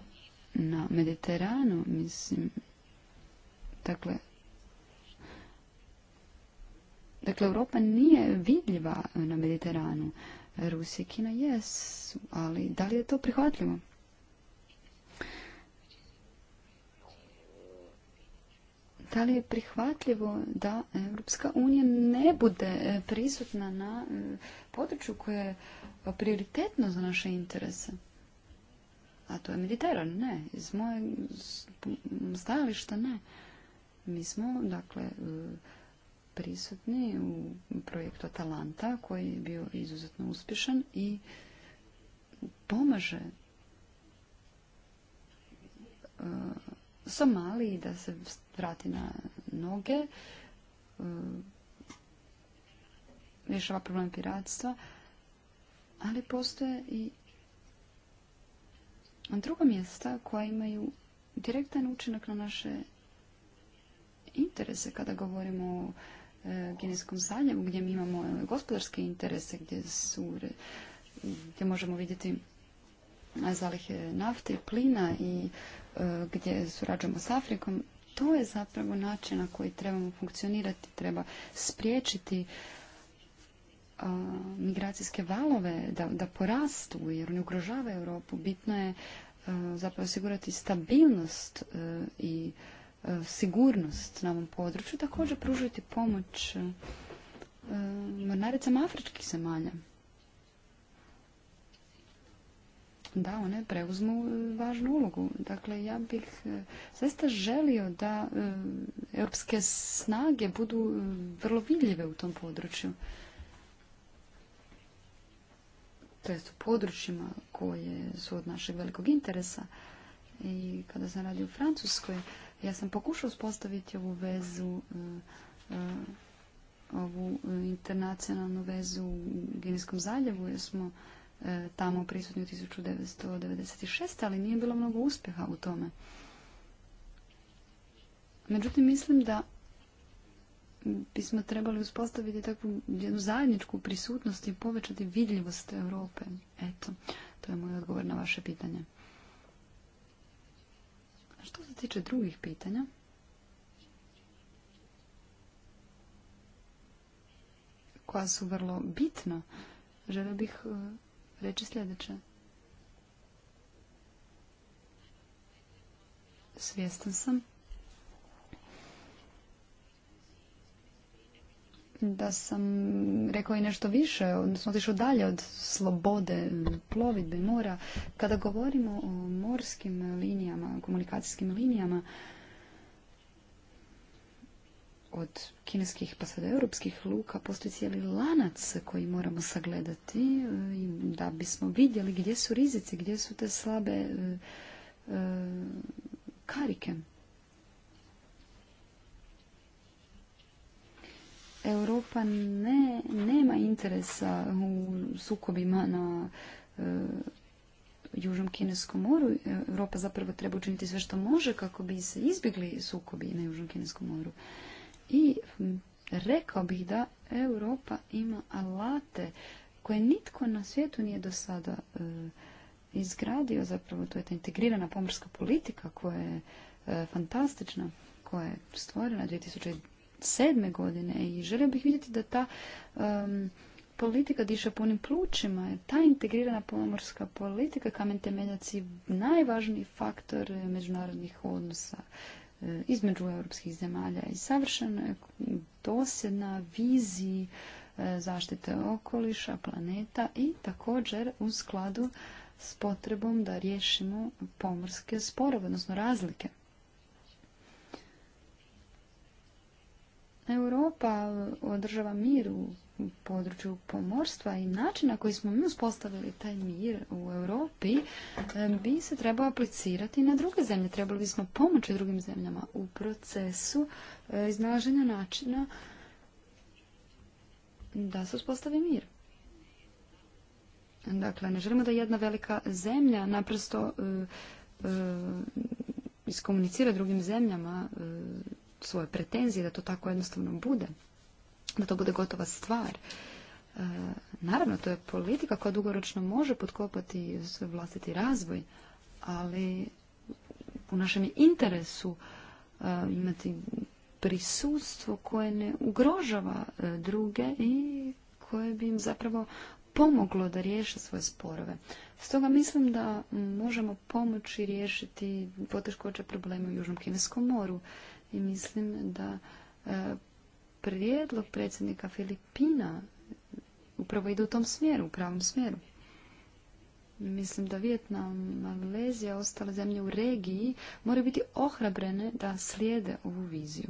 na Mediteranu, mislim, dakle, dakle, Europa nije vidljiva na Mediteranu. Rusija i Kina jesu, ali da li je to prihvatljivo? da li je prihvatljivo da Europska unija ne bude prisutna na eh, području koje je prioritetno za naše interese? a to je Mediteran, ne, iz moje stajališta ne. Mi smo, dakle, e, prisutni u projektu Atalanta koji je bio izuzetno uspješan i pomaže e, Somaliji da se vrati na noge, e, rješava problem piratstva, ali postoje i druga mjesta koja imaju direktan učinak na naše interese kada govorimo o kineskom e, zaljevu gdje mi imamo e, gospodarske interese gdje su gdje možemo vidjeti e, zalihe nafte i plina i gdje surađujemo s Afrikom to je zapravo način na koji trebamo funkcionirati treba spriječiti migracijske valove da, da porastu jer oni ugrožavaju Europu. Bitno je zapravo osigurati stabilnost e, i e, sigurnost na ovom području, također pružiti pomoć e, mornaricama afričkih zemalja. Da, one preuzmu važnu ulogu. Dakle, ja bih zaista želio da europske snage budu vrlo vidljive u tom području to u područjima koje su od našeg velikog interesa. I kada sam radi u Francuskoj, ja sam pokušao uspostaviti ovu vezu, eh, eh, ovu internacionalnu vezu u Ginijskom zaljevu, jer smo eh, tamo prisutni u 1996. ali nije bilo mnogo uspjeha u tome. Međutim, mislim da bismo trebali uspostaviti takvu jednu zajedničku prisutnost i povećati vidljivost Europe. Eto, to je moj odgovor na vaše pitanje. A što se tiče drugih pitanja? koja su vrlo bitna, žele bih e, reći sljedeće. Svjestan sam da sam rekao i nešto više, odnosno otišao dalje od slobode plovidbe mora. Kada govorimo o morskim linijama, komunikacijskim linijama, od kineskih pa sve do europskih luka postoji cijeli lanac koji moramo sagledati e, da bismo vidjeli gdje su rizici, gdje su te slabe e, e, karike. Europa ne, nema interesa u sukobima na e, Južnom Kineskom moru. Europa zapravo treba učiniti sve što može kako bi se izbjegli sukobi na Južnom Kineskom moru. I rekao bih da Europa ima alate koje nitko na svijetu nije do sada e, izgradio. Zapravo to je ta integrirana pomorska politika koja je e, fantastična, koja je stvorena 2000 sedme godine i želio bih vidjeti da ta politika diše punim plućima, je ta integrirana pomorska politika kamen temeljac je najvažniji faktor međunarodnih odnosa eh, između europskih zemalja i savršeno je eh, dosjedna viziji eh, zaštite okoliša, planeta i također u skladu s potrebom da riješimo pomorske sporove, odnosno razlike. Europa održava mir u području pomorstva i način na koji smo mi uspostavili taj mir u Europi e, bi se trebao aplicirati na druge zemlje. Trebali bismo pomoći drugim zemljama u procesu e, iznalaženja načina da se uspostavi mir. Dakle, ne želimo da jedna velika zemlja naprosto e, iskomunicira drugim zemljama svoje pretenzije da to tako jednostavno bude, da to bude gotova stvar. E, naravno, to je politika koja dugoročno može potkopati vlastiti razvoj, ali u našem interesu e, imati prisustvo koje ne ugrožava e, druge i koje bi im zapravo pomoglo da riješe svoje sporove. Stoga mislim da možemo pomoći riješiti poteškoće probleme u Južnom Kineskom moru i mislim da e, prijedlog predsjednika Filipina upravo ide u tom smjeru, u pravom smjeru. Mislim da Vjetnam, Malezija, ostale zemlje u regiji moraju biti ohrabrene da slijede ovu viziju.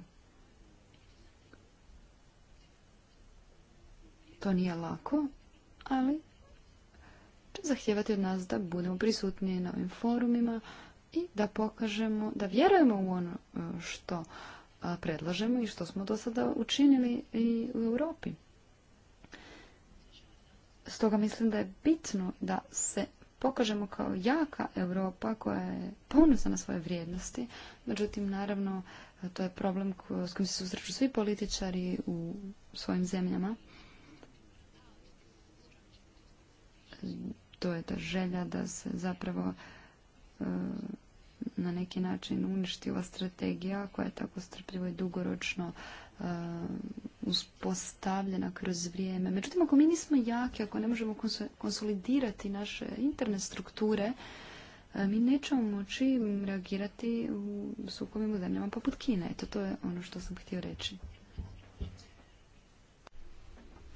To nije lako, ali će zahtijevati od nas da budemo prisutni na ovim forumima, i da pokažemo da vjerujemo u ono e, što e, predlažemo i što smo do sada učinili i u Europi. Stoga mislim da je bitno da se pokažemo kao jaka Europa koja je ponosna na svoje vrijednosti. Međutim, naravno, e, to je problem s kojim se susreću svi političari u svojim zemljama. To je ta želja da se zapravo E, na neki način uništila strategija koja je tako strpljivo i dugoročno e, uspostavljena kroz vrijeme. Međutim, ako mi nismo jaki, ako ne možemo konsolidirati naše interne strukture, e, mi nećemo moći reagirati u sukovim zemljama poput Kine. Eto, to je ono što sam htio reći.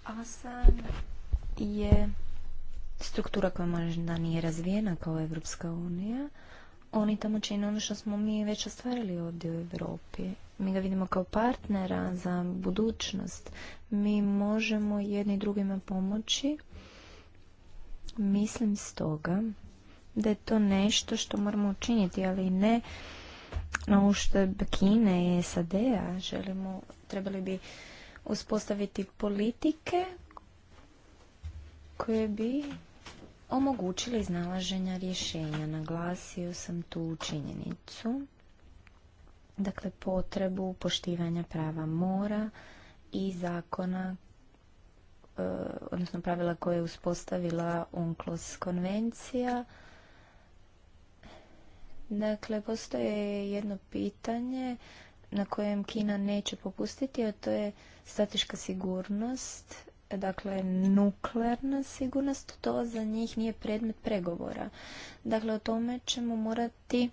Asan je struktura koja možda nije razvijena kao Evropska unija, oni tamo čine ono što smo mi već ostvarili ovdje u Europi. Mi ga vidimo kao partnera za budućnost. Mi možemo jedni drugima pomoći. Mislim stoga da je to nešto što moramo učiniti, ali ne na ušteb Kine i SAD-a. Želimo, trebali bi uspostaviti politike koje bi omogućili iznalaženja rješenja. Naglasio sam tu činjenicu, dakle potrebu poštivanja prava mora i zakona e, odnosno pravila koje je uspostavila UNCLOS konvencija. Dakle, postoje jedno pitanje na kojem Kina neće popustiti, a to je strateška sigurnost dakle nuklearna sigurnost, to za njih nije predmet pregovora. Dakle, o tome ćemo morati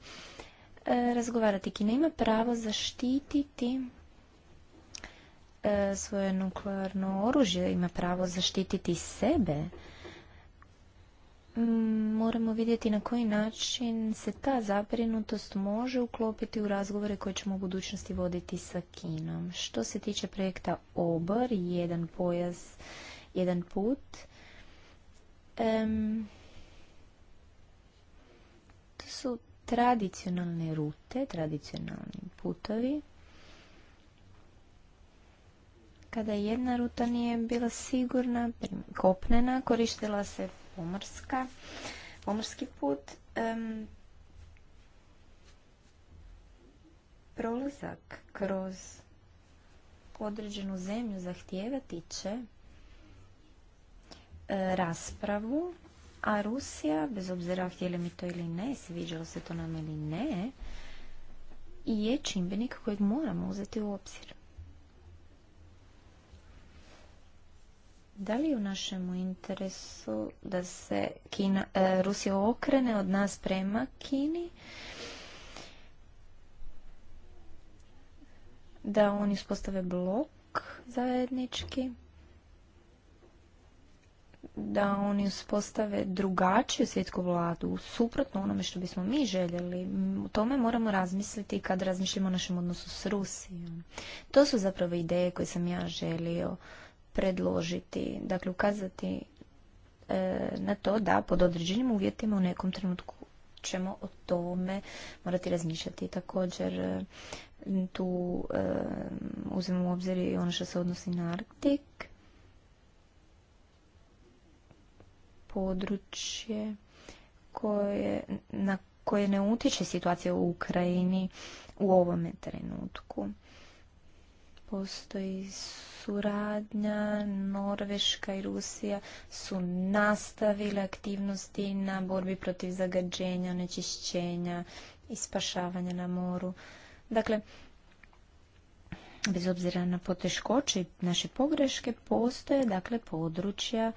e, razgovarati. Kina ima pravo zaštititi e, svoje nuklearno oružje, ima pravo zaštititi sebe Mm, moramo vidjeti na koji način se ta zabrinutost može uklopiti u razgovore koje ćemo u budućnosti voditi sa Kinom. Što se tiče projekta OBR, jedan pojas, jedan put, to su tradicionalne rute, tradicionalni putovi. Kada jedna ruta nije bila sigurna, kopnena, koristila se pomorska, pomorski put. Um, prolazak kroz određenu zemlju zahtijevati će e, raspravu, a Rusija, bez obzira htjeli mi to ili ne, sviđalo se to nam ili ne, je čimbenik kojeg moramo uzeti u obzir. Da li je u našem interesu da se Kina, e, Rusija okrene od nas prema Kini? Da oni uspostave blok zajednički? da oni uspostave drugačiju svjetsku vladu, suprotno onome što bismo mi željeli. O tome moramo razmisliti kad razmišljamo o našem odnosu s Rusijom. To su zapravo ideje koje sam ja želio predložiti, dakle ukazati e, na to da pod određenim uvjetima u nekom trenutku ćemo o tome morati razmišljati. Također e, tu e, uzmemo u obzir i ono što se odnosi na Arktik, područje na koje ne utječe situacija u Ukrajini u ovome trenutku postoji suradnja, Norveška i Rusija su nastavile aktivnosti na borbi protiv zagađenja, nečišćenja i spašavanja na moru. Dakle, bez obzira na poteškoće i naše pogreške, postoje dakle područja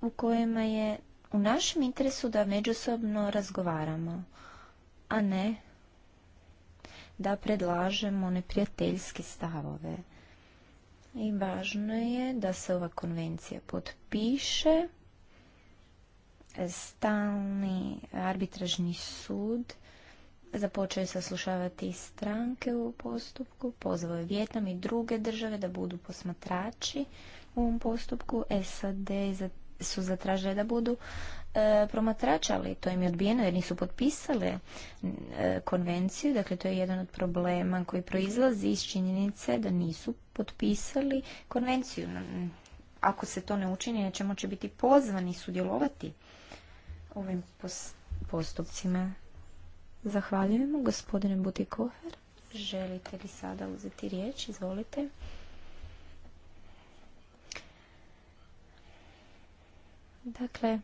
u kojima je u našem interesu da međusobno razgovaramo, a ne da predlažemo neprijateljske stavove. I važno je da se ova konvencija potpiše. Stalni arbitražni sud započeo je saslušavati stranke u postupku, pozvao je Vjetnam i druge države da budu posmatrači u ovom postupku. SAD je su zatražile da budu e, promatračali. to im je odbijeno jer nisu potpisale e, konvenciju. Dakle, to je jedan od problema koji proizlazi iz činjenice da nisu potpisali konvenciju. Ako se to ne učini, nećemo će biti pozvani sudjelovati ovim ovim postupcima. Zahvaljujemo. Gospodine Butikofer, želite li sada uzeti riječ? Izvolite. Dakle,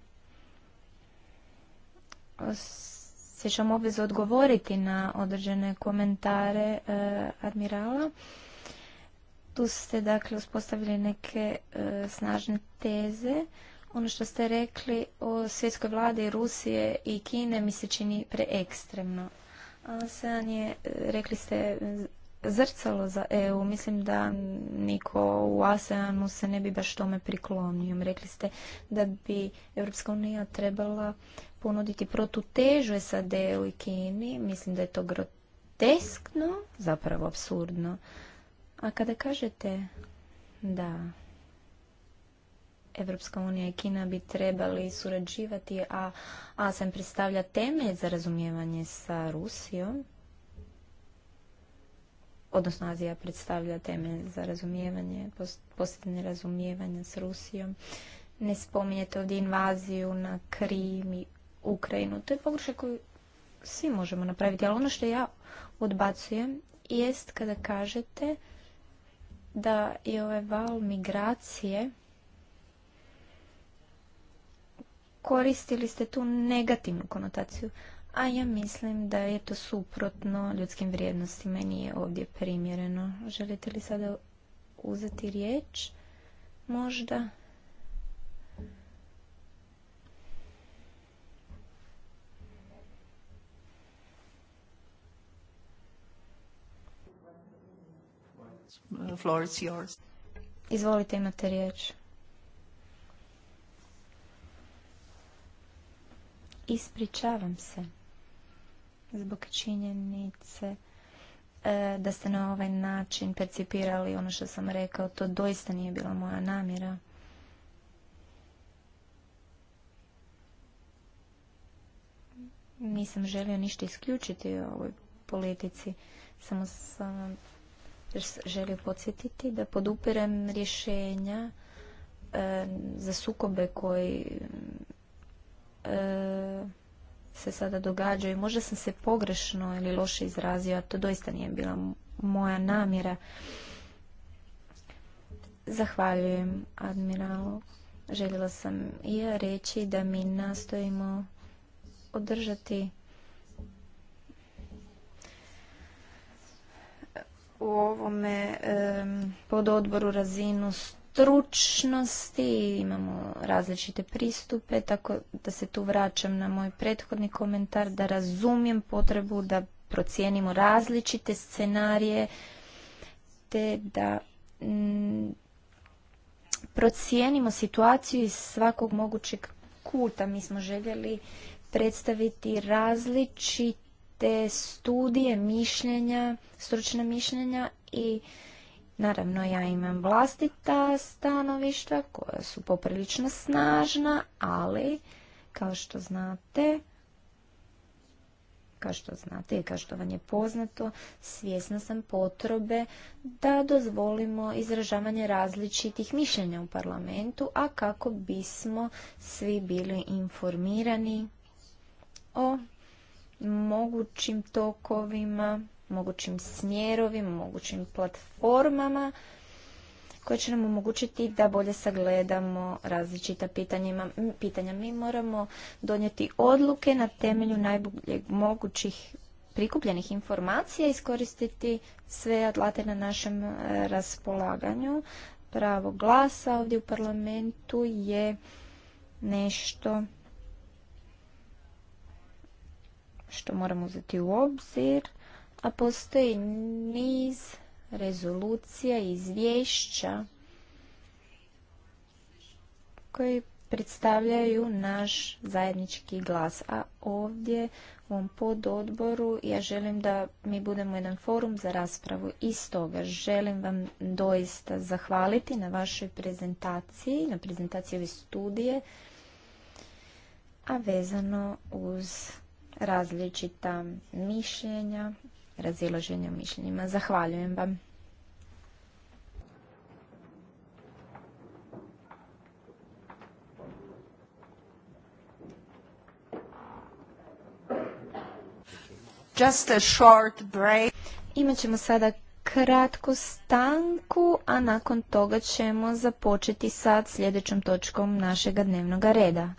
osjećam obvezu odgovoriti na određene komentare e, admirala. Tu ste dakle uspostavili neke e, snažne teze. Ono što ste rekli o svjetskoj vladi Rusije i Kine mi se čini preekstremno. Alan je, e, rekli ste, zrcalo za EU. Mislim da niko u ASEANu se ne bi baš tome priklonio. Rekli ste da bi Europska unija trebala ponuditi protutežu SAD-u i Kini. Mislim da je to groteskno, zapravo absurdno. A kada kažete da Evropska unija i Kina bi trebali surađivati, a ASEAN predstavlja temelj za razumijevanje sa Rusijom, odnosno Azija predstavlja temelj za razumijevanje, posljednje razumijevanje s Rusijom. Ne spominjete ovdje invaziju na Krim i Ukrajinu. To je pogrešaj koju svi možemo napraviti, ali ono što ja odbacujem jest kada kažete da je ovaj val migracije koristili ste tu negativnu konotaciju a ja mislim da je to suprotno ljudskim vrijednostima i nije ovdje primjereno. Želite li sada uzeti riječ? Možda? Izvolite, imate riječ. Ispričavam se zbog činjenice e, da ste na ovaj način percipirali ono što sam rekao. To doista nije bila moja namjera. Nisam želio ništa isključiti u ovoj politici. Samo sam želio podsjetiti da podupirem rješenja e, za sukobe koji e, se sada događaju. Možda sam se pogrešno ili loše izrazio, a to doista nije bila moja namjera. Zahvaljujem admiralu. Željela sam i ja reći da mi nastojimo održati u ovome pododboru razinu stručnosti, imamo različite pristupe, tako da se tu vraćam na moj prethodni komentar, da razumijem potrebu da procijenimo različite scenarije, te da mm, procijenimo situaciju iz svakog mogućeg kuta. Mi smo željeli predstaviti različite studije, mišljenja, stručna mišljenja i Naravno, ja imam vlastita stanovišta koja su poprilično snažna, ali kao što znate, kao što znate i kao što vam je poznato, svjesna sam potrebe da dozvolimo izražavanje različitih mišljenja u parlamentu, a kako bismo svi bili informirani o mogućim tokovima mogućim smjerovima, mogućim platformama koje će nam omogućiti da bolje sagledamo različita pitanja. Mi moramo donijeti odluke na temelju najboljeg mogućih prikupljenih informacija, iskoristiti sve atlate na našem e, raspolaganju. Pravo glasa ovdje u parlamentu je nešto što moramo uzeti u obzir a postoji niz rezolucija i izvješća koji predstavljaju naš zajednički glas. A ovdje u ovom pododboru ja želim da mi budemo jedan forum za raspravu. I stoga želim vam doista zahvaliti na vašoj prezentaciji, na prezentaciji ove studije, a vezano uz različita mišljenja razilaženja mišljenjima. Zahvaljujem vam. Just a short Imaćemo sada kratku stanku, a nakon toga ćemo započeti sa sljedećom točkom našeg dnevnog reda.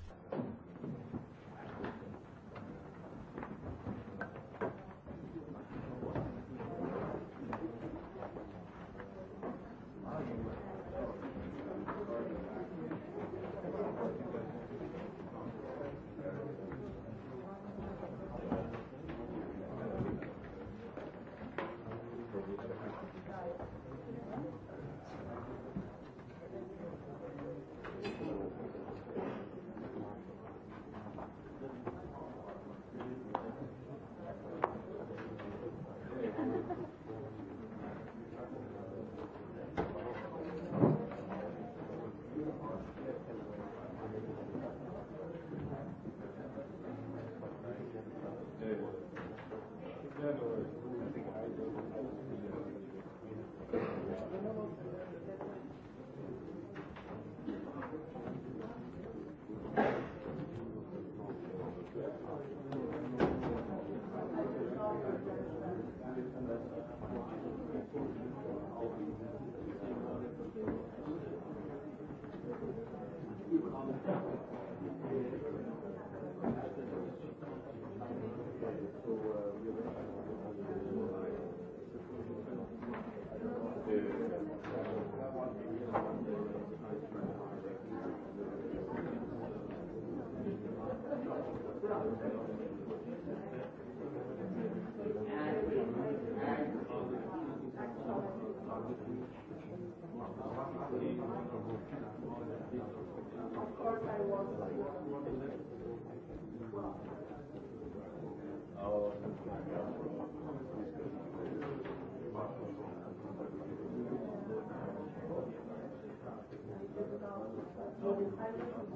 Hvala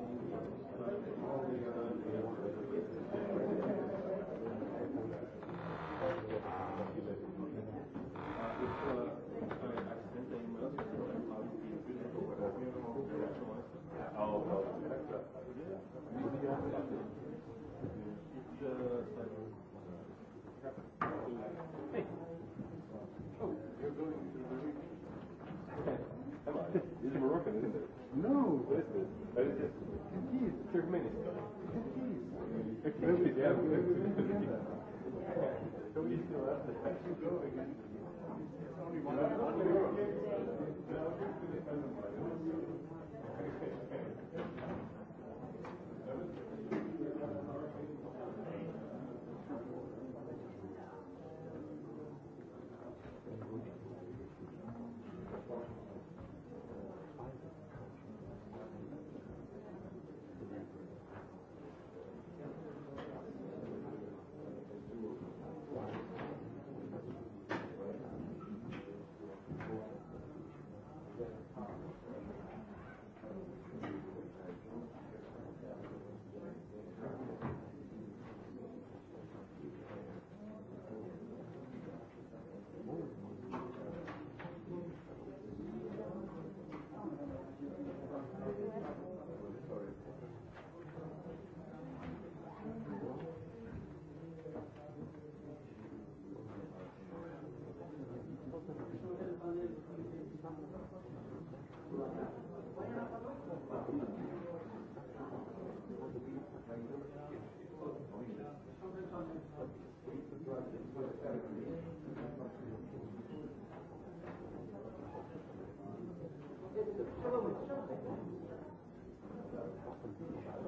da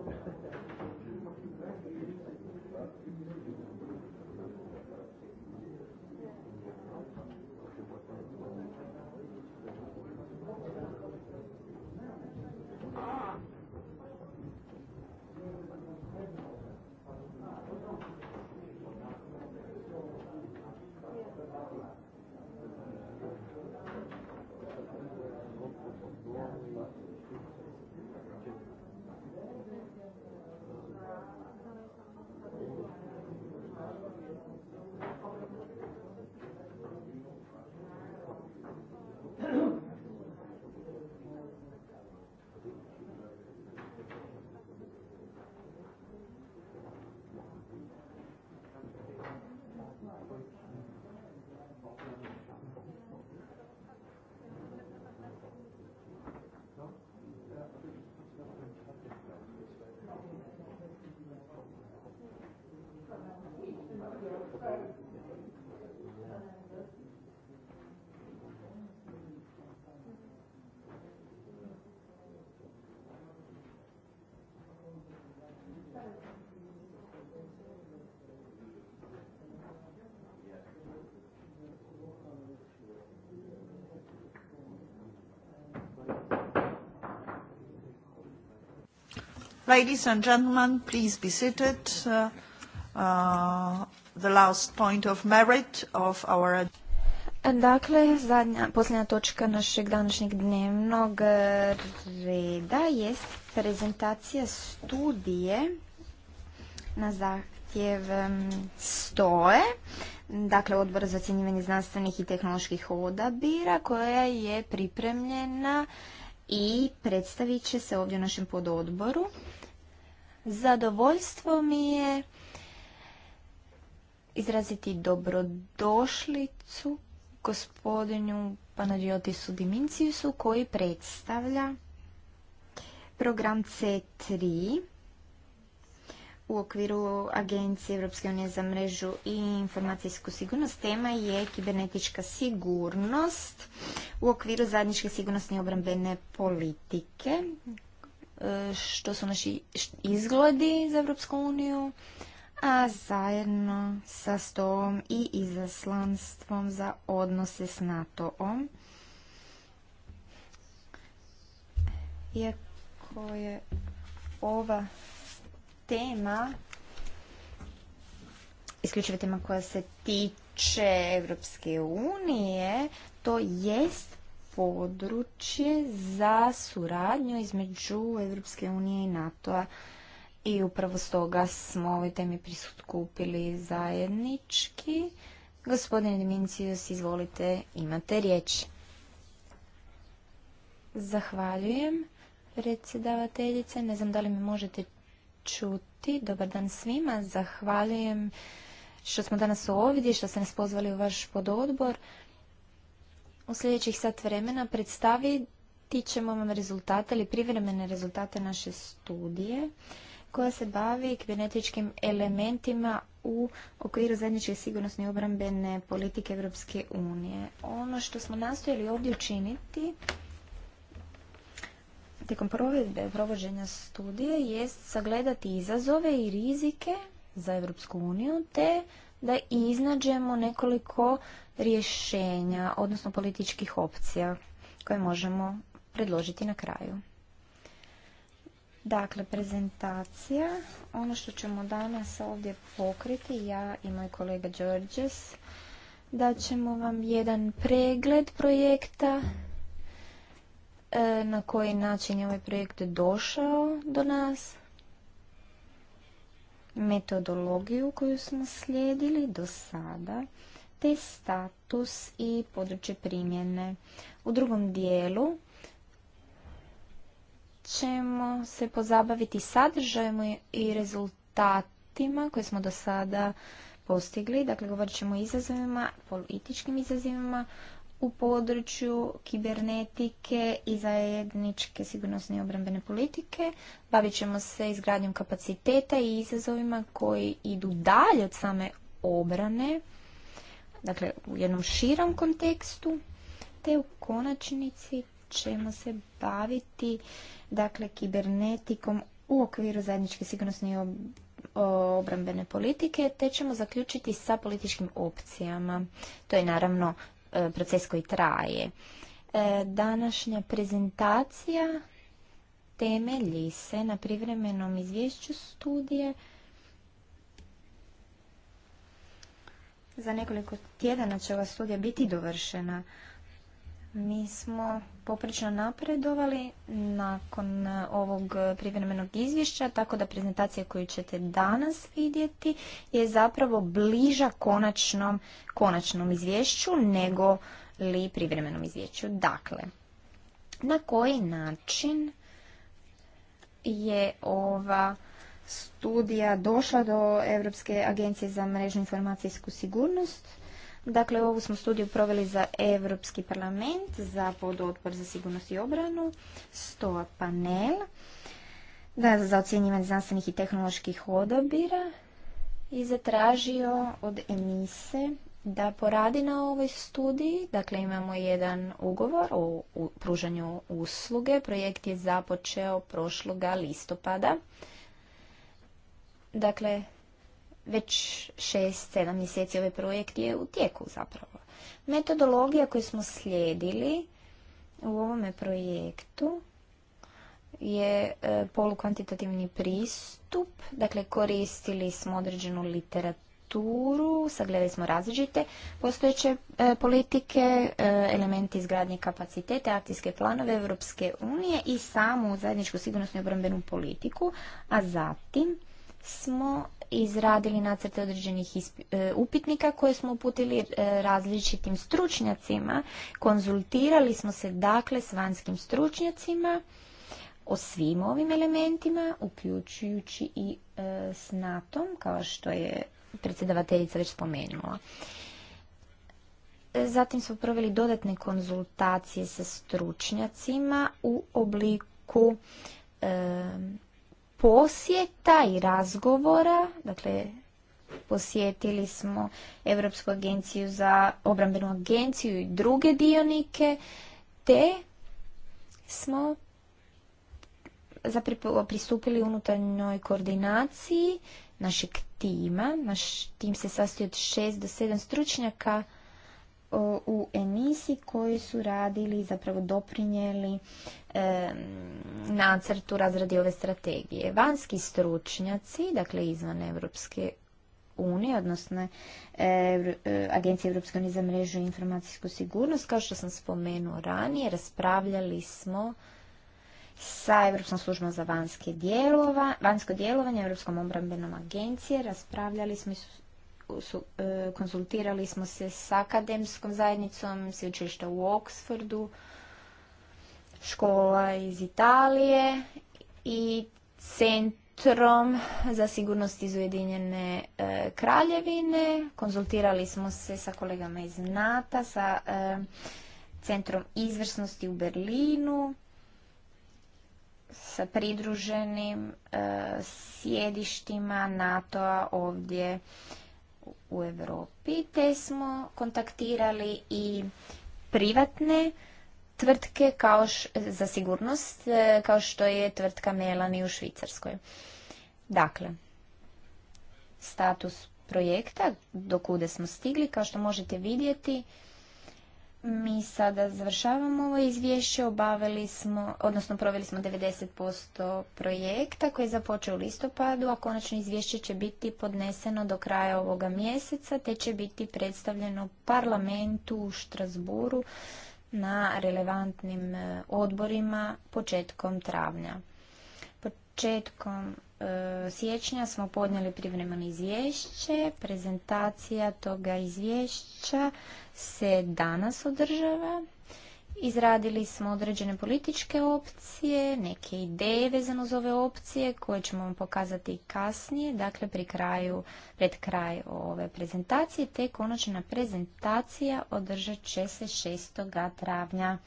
Ladies and gentlemen, please be seated. Uh, uh, the last point of merit of our... Dakle, posljednja točka našeg današnjeg dnevnog reda jest prezentacija studije na zahtjev um, STOE, dakle odbora za ocjenjivanje znanstvenih i tehnoloških odabira koja je pripremljena i predstavit će se ovdje u našem pododboru. Zadovoljstvo mi je izraziti dobrodošlicu gospodinu Panagiotisu Dimincijusu koji predstavlja program C3 u okviru Agencije Europske unije za mrežu i informacijsku sigurnost tema je kibernetička sigurnost u okviru zajedničke sigurnosne i obrambene politike. E, što su naši izgledi za Europsku uniju, a zajedno sa stovom i izaslanstvom za odnose s NATO-om. Iako je ova tema, isključiva tema koja se tiče Europske unije, to jest područje za suradnju između Europske unije i NATO-a. I upravo stoga smo ovoj temi prisutkupili zajednički. Gospodine Dimincius, izvolite, imate riječ. Zahvaljujem, predsjedavateljice. Ne znam da li mi možete čuti. Dobar dan svima. Zahvaljujem što smo danas ovdje, što ste nas pozvali u vaš pododbor. U sljedećih sat vremena predstaviti ćemo vam rezultate ili privremene rezultate naše studije koja se bavi kibernetičkim elementima u okviru zajedničke sigurnosne i obrambene politike Europske unije. Ono što smo nastojali ovdje učiniti tijekom provedbe provođenja studije jest sagledati izazove i rizike za Europsku uniju te da iznađemo nekoliko rješenja, odnosno političkih opcija koje možemo predložiti na kraju. Dakle, prezentacija. Ono što ćemo danas ovdje pokriti, ja i moj kolega Đorđes, da ćemo vam jedan pregled projekta E, na koji način je ovaj projekt došao do nas, metodologiju koju smo slijedili do sada, te status i područje primjene. U drugom dijelu ćemo se pozabaviti sadržajem i rezultatima koje smo do sada postigli. Dakle, govorit ćemo o izazovima, političkim izazovima, u području kibernetike i zajedničke sigurnosne i obrambene politike. Bavit ćemo se izgradnjom kapaciteta i izazovima koji idu dalje od same obrane, dakle u jednom širom kontekstu, te u konačnici ćemo se baviti dakle kibernetikom u okviru zajedničke sigurnosne i obrambene politike, te ćemo zaključiti sa političkim opcijama. To je naravno E, proces koji traje. E, današnja prezentacija temelji se na privremenom izvješću studije Za nekoliko tjedana će ova studija biti dovršena, mi smo poprično napredovali nakon ovog privremenog izvješća, tako da prezentacija koju ćete danas vidjeti je zapravo bliža konačnom, konačnom izvješću nego li privremenom izvješću. Dakle, na koji način je ova studija došla do Europske agencije za mrežnu informacijsku sigurnost? Dakle, ovu smo studiju proveli za Europski parlament, za pododbor za sigurnost i obranu, stoa panel, da, za ocjenjivanje znanstvenih i tehnoloških odabira i zatražio od emise da poradi na ovoj studiji. Dakle, imamo jedan ugovor o pružanju usluge. Projekt je započeo prošloga listopada. Dakle, već 6-7 mjeseci ovaj projekt je u tijeku zapravo. Metodologija koju smo slijedili u ovome projektu je e, polukvantitativni pristup, dakle koristili smo određenu literaturu, sagledali smo različite postojeće e, politike, e, elementi izgradnje kapacitete, akcijske planove Europske unije i samu zajedničku sigurnosnu i obrambenu politiku, a zatim smo izradili nacrte određenih e, upitnika koje smo uputili e, različitim stručnjacima. Konzultirali smo se dakle s vanjskim stručnjacima o svim ovim elementima, uključujući i e, s NATO-om, kao što je predsjedavateljica već spomenula. Zatim smo proveli dodatne konzultacije sa stručnjacima u obliku posjeta i razgovora, dakle posjetili smo Europsku agenciju za obrambenu agenciju i druge dionike, te smo zapravo pristupili unutarnjoj koordinaciji našeg tima. Naš tim se sastoji od šest do sedam stručnjaka u emisiji koji su radili i zapravo doprinijeli nacrtu razradi ove strategije. Vanski stručnjaci, dakle izvan Europske unije, odnosno e, Agencije Europske unije za mrežu i informacijsku sigurnost, kao što sam spomenuo ranije, raspravljali smo sa Europskom službom za vanske djelova, vanjsko djelovanje, Europskom obrambenom agencije, raspravljali smo E, konzultirali smo se s akademskom zajednicom, sveučilišta u Oksfordu, škola iz Italije i centrom za sigurnost iz Ujedinjene e, kraljevine. Konzultirali smo se sa kolegama iz NATO, sa e, centrom izvrsnosti u Berlinu, sa pridruženim sjedištima NATO-a ovdje u Europi, te smo kontaktirali i privatne tvrtke kao za sigurnost, e, kao što je tvrtka Melani u Švicarskoj. Dakle, status projekta, do kude smo stigli, kao što možete vidjeti, mi sada završavamo ovo izvješće, obavili smo, odnosno proveli smo 90% projekta koji je započeo u listopadu, a konačno izvješće će biti podneseno do kraja ovoga mjeseca, te će biti predstavljeno parlamentu u Štrasburu na relevantnim e, odborima početkom travnja. Početkom e, siječnja smo podnijeli privremeno izvješće, prezentacija toga izvješća se danas održava. Izradili smo određene političke opcije, neke ideje vezano uz ove opcije koje ćemo vam pokazati kasnije, dakle pri kraju, pred kraj ove prezentacije, te konačna prezentacija održat će se 6. travnja.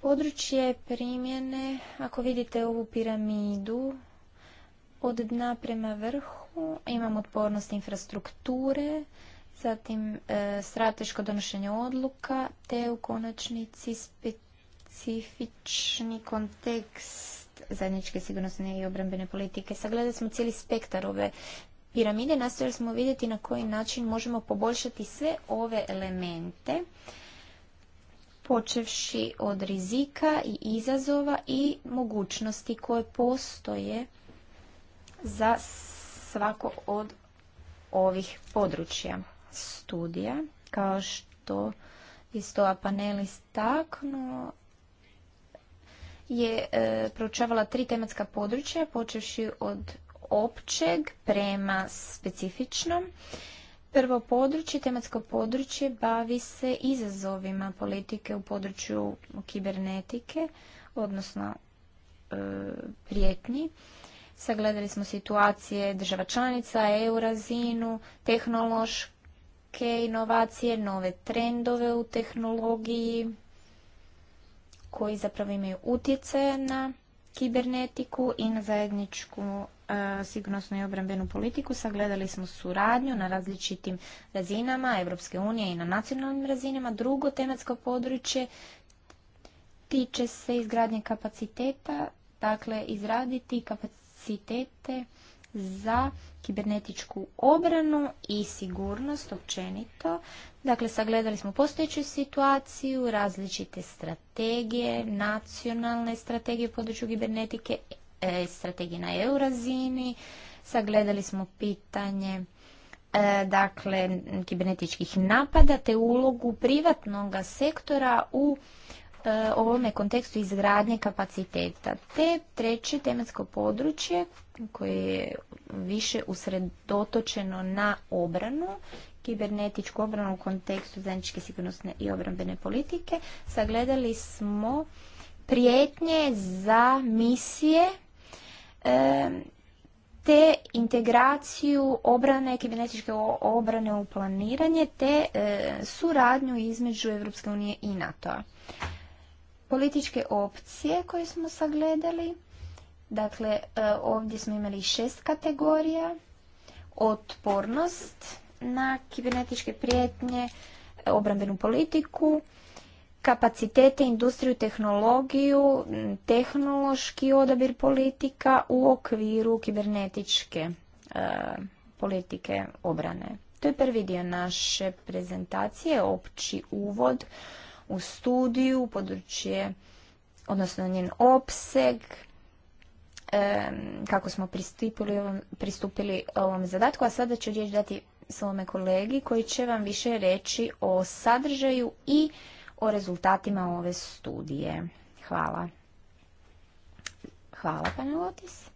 Područje primjene, ako vidite ovu piramidu, od dna prema vrhu imamo otpornost infrastrukture, zatim e, strateško donošenje odluka te u konačnici specifični kontekst zajedničke sigurnosne i obrambene politike. Sagledali smo cijeli spektar ove piramide, nastojali smo vidjeti na koji način možemo poboljšati sve ove elemente počevši od rizika i izazova i mogućnosti koje postoje za svako od ovih područja studija, kao što je stoa paneli istaknuo, je e, proučavala tri tematska područja, počevši od općeg prema specifičnom. Prvo područje, tematsko područje, bavi se izazovima politike u području kibernetike, odnosno e, prijetnji. Sagledali smo situacije država članica, eurazinu, razinu, inovacije, nove trendove u tehnologiji koji zapravo imaju utjece na kibernetiku i na zajedničku e, sigurnosnu i obrambenu politiku. Sagledali smo suradnju na različitim razinama Europske unije i na nacionalnim razinama. Drugo tematsko područje tiče se izgradnje kapaciteta, dakle izraditi kapacitete za kibernetičku obranu i sigurnost općenito. Dakle, sagledali smo postojeću situaciju, različite strategije, nacionalne strategije u području kibernetike, e, strategije na EU razini, sagledali smo pitanje e, dakle kibernetičkih napada te ulogu privatnog sektora u E, ovome kontekstu izgradnje kapaciteta. Te treće tematsko područje koje je više usredotočeno na obranu, kibernetičku obranu u kontekstu zajedničke sigurnosne i obrambene politike, sagledali smo prijetnje za misije e, te integraciju obrane, kibernetičke obrane u planiranje, te e, suradnju između Europske unije i NATO-a političke opcije koje smo sagledali. Dakle, e, ovdje smo imali šest kategorija. Otpornost na kibernetičke prijetnje, obrambenu politiku, kapacitete, industriju, tehnologiju, tehnološki odabir politika u okviru kibernetičke e, politike obrane. To je prvi dio naše prezentacije, opći uvod u studiju, područje, odnosno njen opseg, kako smo pristupili ovom, pristupili ovom zadatku, a sada ću riječ dati svome kolegi koji će vam više reći o sadržaju i o rezultatima ove studije. Hvala. Hvala, pane Otis.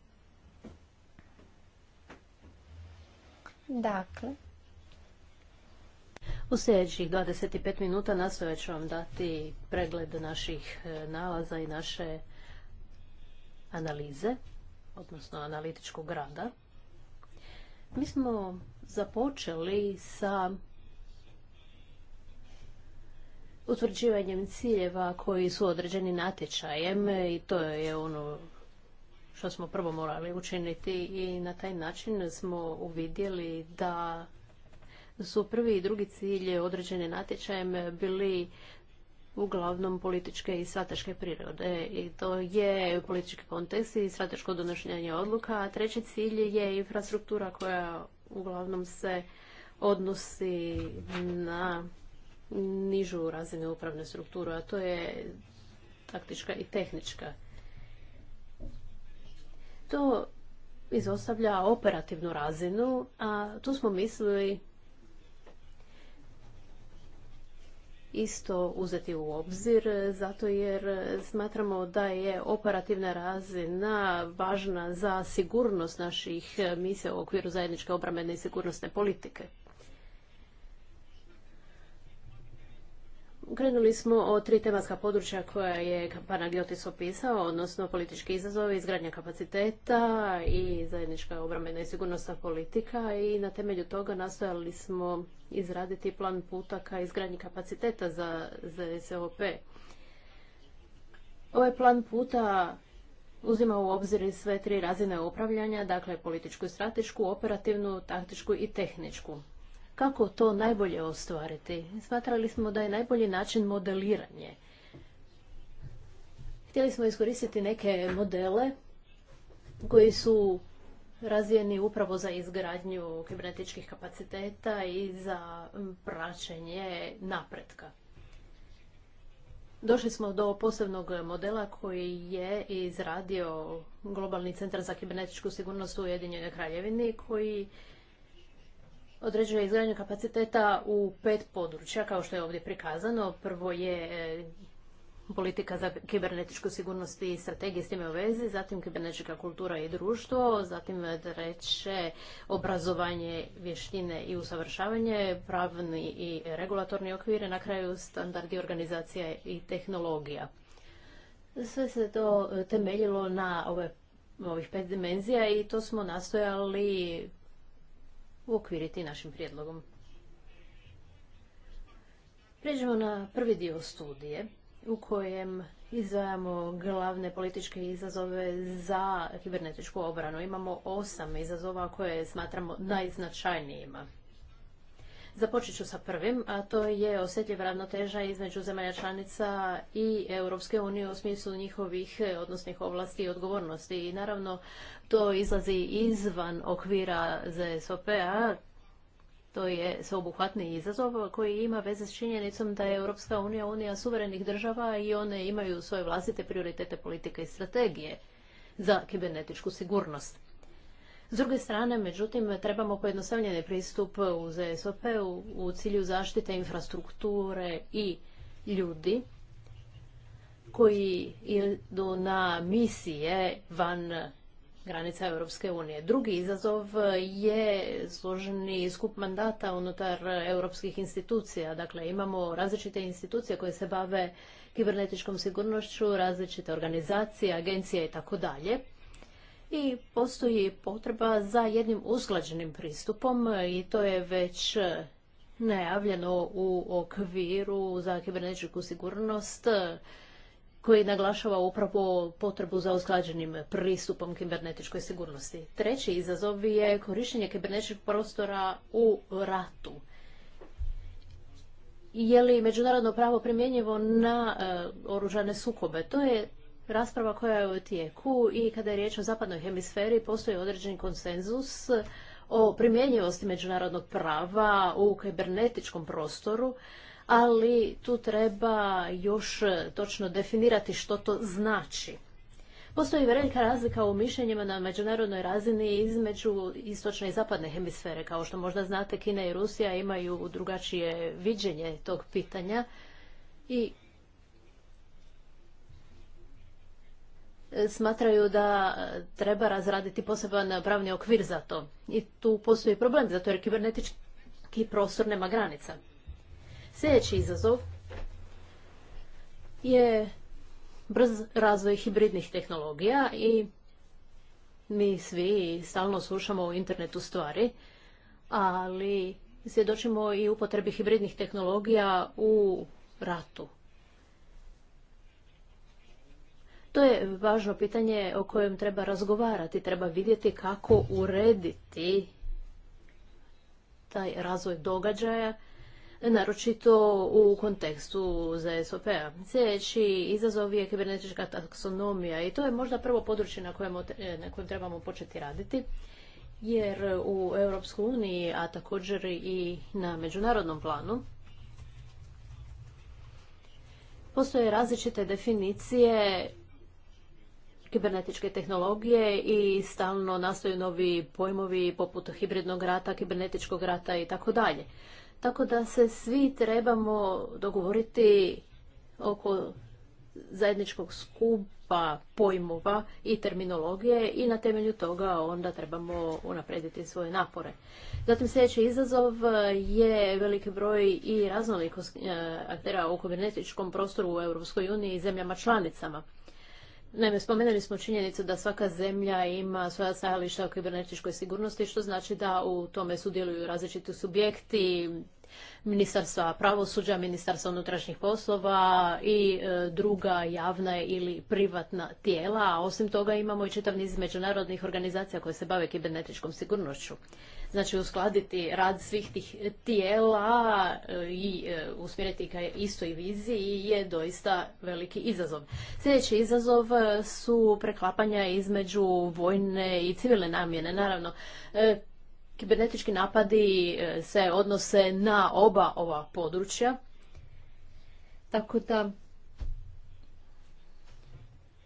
Dakle, u sljedećih 25 minuta nastojat ću vam dati pregled naših e, nalaza i naše analize, odnosno analitičkog rada. Mi smo započeli sa utvrđivanjem ciljeva koji su određeni natječajem i to je ono što smo prvo morali učiniti i na taj način smo uvidjeli da su prvi i drugi cilj određene natječajem bili uglavnom političke i strateške prirode. I to je politički kontekst i strateško donošenje odluka. A treći cilj je infrastruktura koja uglavnom se odnosi na nižu razinu upravne strukture, a to je taktička i tehnička. To izostavlja operativnu razinu, a tu smo mislili isto uzeti u obzir, e, zato jer e, smatramo da je operativna razina važna za sigurnost naših e, misija u okviru zajedničke obrambene i sigurnosne politike. Krenuli smo o tri tematska područja koja je Panagiotis opisao, odnosno politički izazovi, izgradnja kapaciteta i zajednička obrambena i sigurnosna politika i na temelju toga nastojali smo izraditi plan puta ka izgradnji kapaciteta za ZSOP. Ovaj plan puta uzima u obzir sve tri razine upravljanja, dakle političku i stratešku, operativnu, taktičku i tehničku kako to najbolje ostvariti. Smatrali smo da je najbolji način modeliranje. Htjeli smo iskoristiti neke modele koji su razvijeni upravo za izgradnju kibernetičkih kapaciteta i za praćenje napretka. Došli smo do posebnog modela koji je izradio Globalni centar za kibernetičku sigurnost u Ujedinjenoj Kraljevini koji određuje izgradnju kapaciteta u pet područja, kao što je ovdje prikazano. Prvo je e, politika za kibernetičku sigurnost i strategije s time u vezi, zatim kibernetička kultura i društvo, zatim treće obrazovanje, vještine i usavršavanje, pravni i regulatorni okvire, na kraju standardi organizacija i tehnologija. Sve se to temeljilo na ovih pet dimenzija i to smo nastojali uokviriti našim prijedlogom. Pređemo na prvi dio studije u kojem izdvajamo glavne političke izazove za kibernetičku obranu. Imamo osam izazova koje smatramo najznačajnijima. Započet ću sa prvim, a to je osjetljiva ravnoteža između zemalja članica i Europske unije u smislu njihovih odnosnih ovlasti i odgovornosti. I naravno, to izlazi izvan okvira ZSOP-a, to je sveobuhvatni izazov koji ima veze s činjenicom da je Europska unija unija suverenih država i one imaju svoje vlastite prioritete politike i strategije za kibernetičku sigurnost. S druge strane, međutim, trebamo pojednostavljeni pristup u ZSOP u, u cilju zaštite infrastrukture i ljudi koji idu na misije van granica Europske unije. Drugi izazov je složeni skup mandata unutar europskih institucija. Dakle, imamo različite institucije koje se bave kibernetičkom sigurnošću, različite organizacije, agencije i tako dalje i postoji potreba za jednim usklađenim pristupom i to je već najavljeno u okviru za kibernetičku sigurnost koji naglašava upravo potrebu za usklađenim pristupom kibernetičkoj sigurnosti. Treći izazov je korištenje kibernetičkog prostora u ratu. Je li međunarodno pravo primjenjivo na e, oružane sukobe? To je rasprava koja je u tijeku i kada je riječ o zapadnoj hemisferi postoji određen konsenzus o primjenjivosti međunarodnog prava u kibernetičkom prostoru, ali tu treba još točno definirati što to znači. Postoji velika razlika u mišljenjima na međunarodnoj razini između istočne i zapadne hemisfere. Kao što možda znate, Kina i Rusija imaju drugačije viđenje tog pitanja i smatraju da treba razraditi poseban pravni okvir za to. I tu postoji problem, zato jer kibernetički prostor nema granica. Sljedeći izazov je brz razvoj hibridnih tehnologija i mi svi stalno slušamo u internetu stvari, ali svjedočimo i upotrebi hibridnih tehnologija u ratu. To je važno pitanje o kojem treba razgovarati, treba vidjeti kako urediti taj razvoj događaja, naročito u kontekstu ZSOP-a. Sljedeći izazov je kibernetička taksonomija i to je možda prvo područje na kojem, trebamo početi raditi, jer u Europskoj uniji, a također i na međunarodnom planu, postoje različite definicije kibernetičke tehnologije i stalno nastaju novi pojmovi poput hibridnog rata, kibernetičkog rata i tako dalje. Tako da se svi trebamo dogovoriti oko zajedničkog skupa pojmova i terminologije i na temelju toga onda trebamo unaprediti svoje napore. Zatim sljedeći izazov je veliki broj i raznolikost e, aktera u kibernetičkom prostoru u EU i zemljama članicama. Naime, spomenuli smo činjenicu da svaka zemlja ima svoja stajališta o kibernetičkoj sigurnosti, što znači da u tome sudjeluju različiti subjekti, ministarstva pravosuđa, ministarstva unutrašnjih poslova i e, druga javna ili privatna tijela. A osim toga imamo i čitav niz međunarodnih organizacija koje se bave kibernetičkom sigurnošću. Znači uskladiti rad svih tih tijela e, i e, usmjeriti ka istoj viziji je doista veliki izazov. Sljedeći izazov su preklapanja između vojne i civilne namjene. Naravno, Kibernetički napadi e, se odnose na oba ova područja. Tako da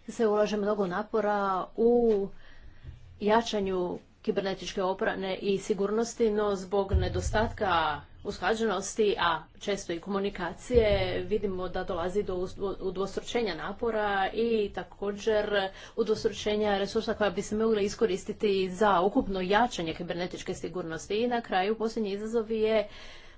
se ulaže mnogo napora u jačanju kibernetičke oprane i sigurnosti, no zbog nedostatka usklađenosti, a često i komunikacije, vidimo da dolazi do udvostručenja napora i također udvostručenja resursa koja bi se mogla iskoristiti za ukupno jačanje kibernetičke sigurnosti. I na kraju posljednji izazov je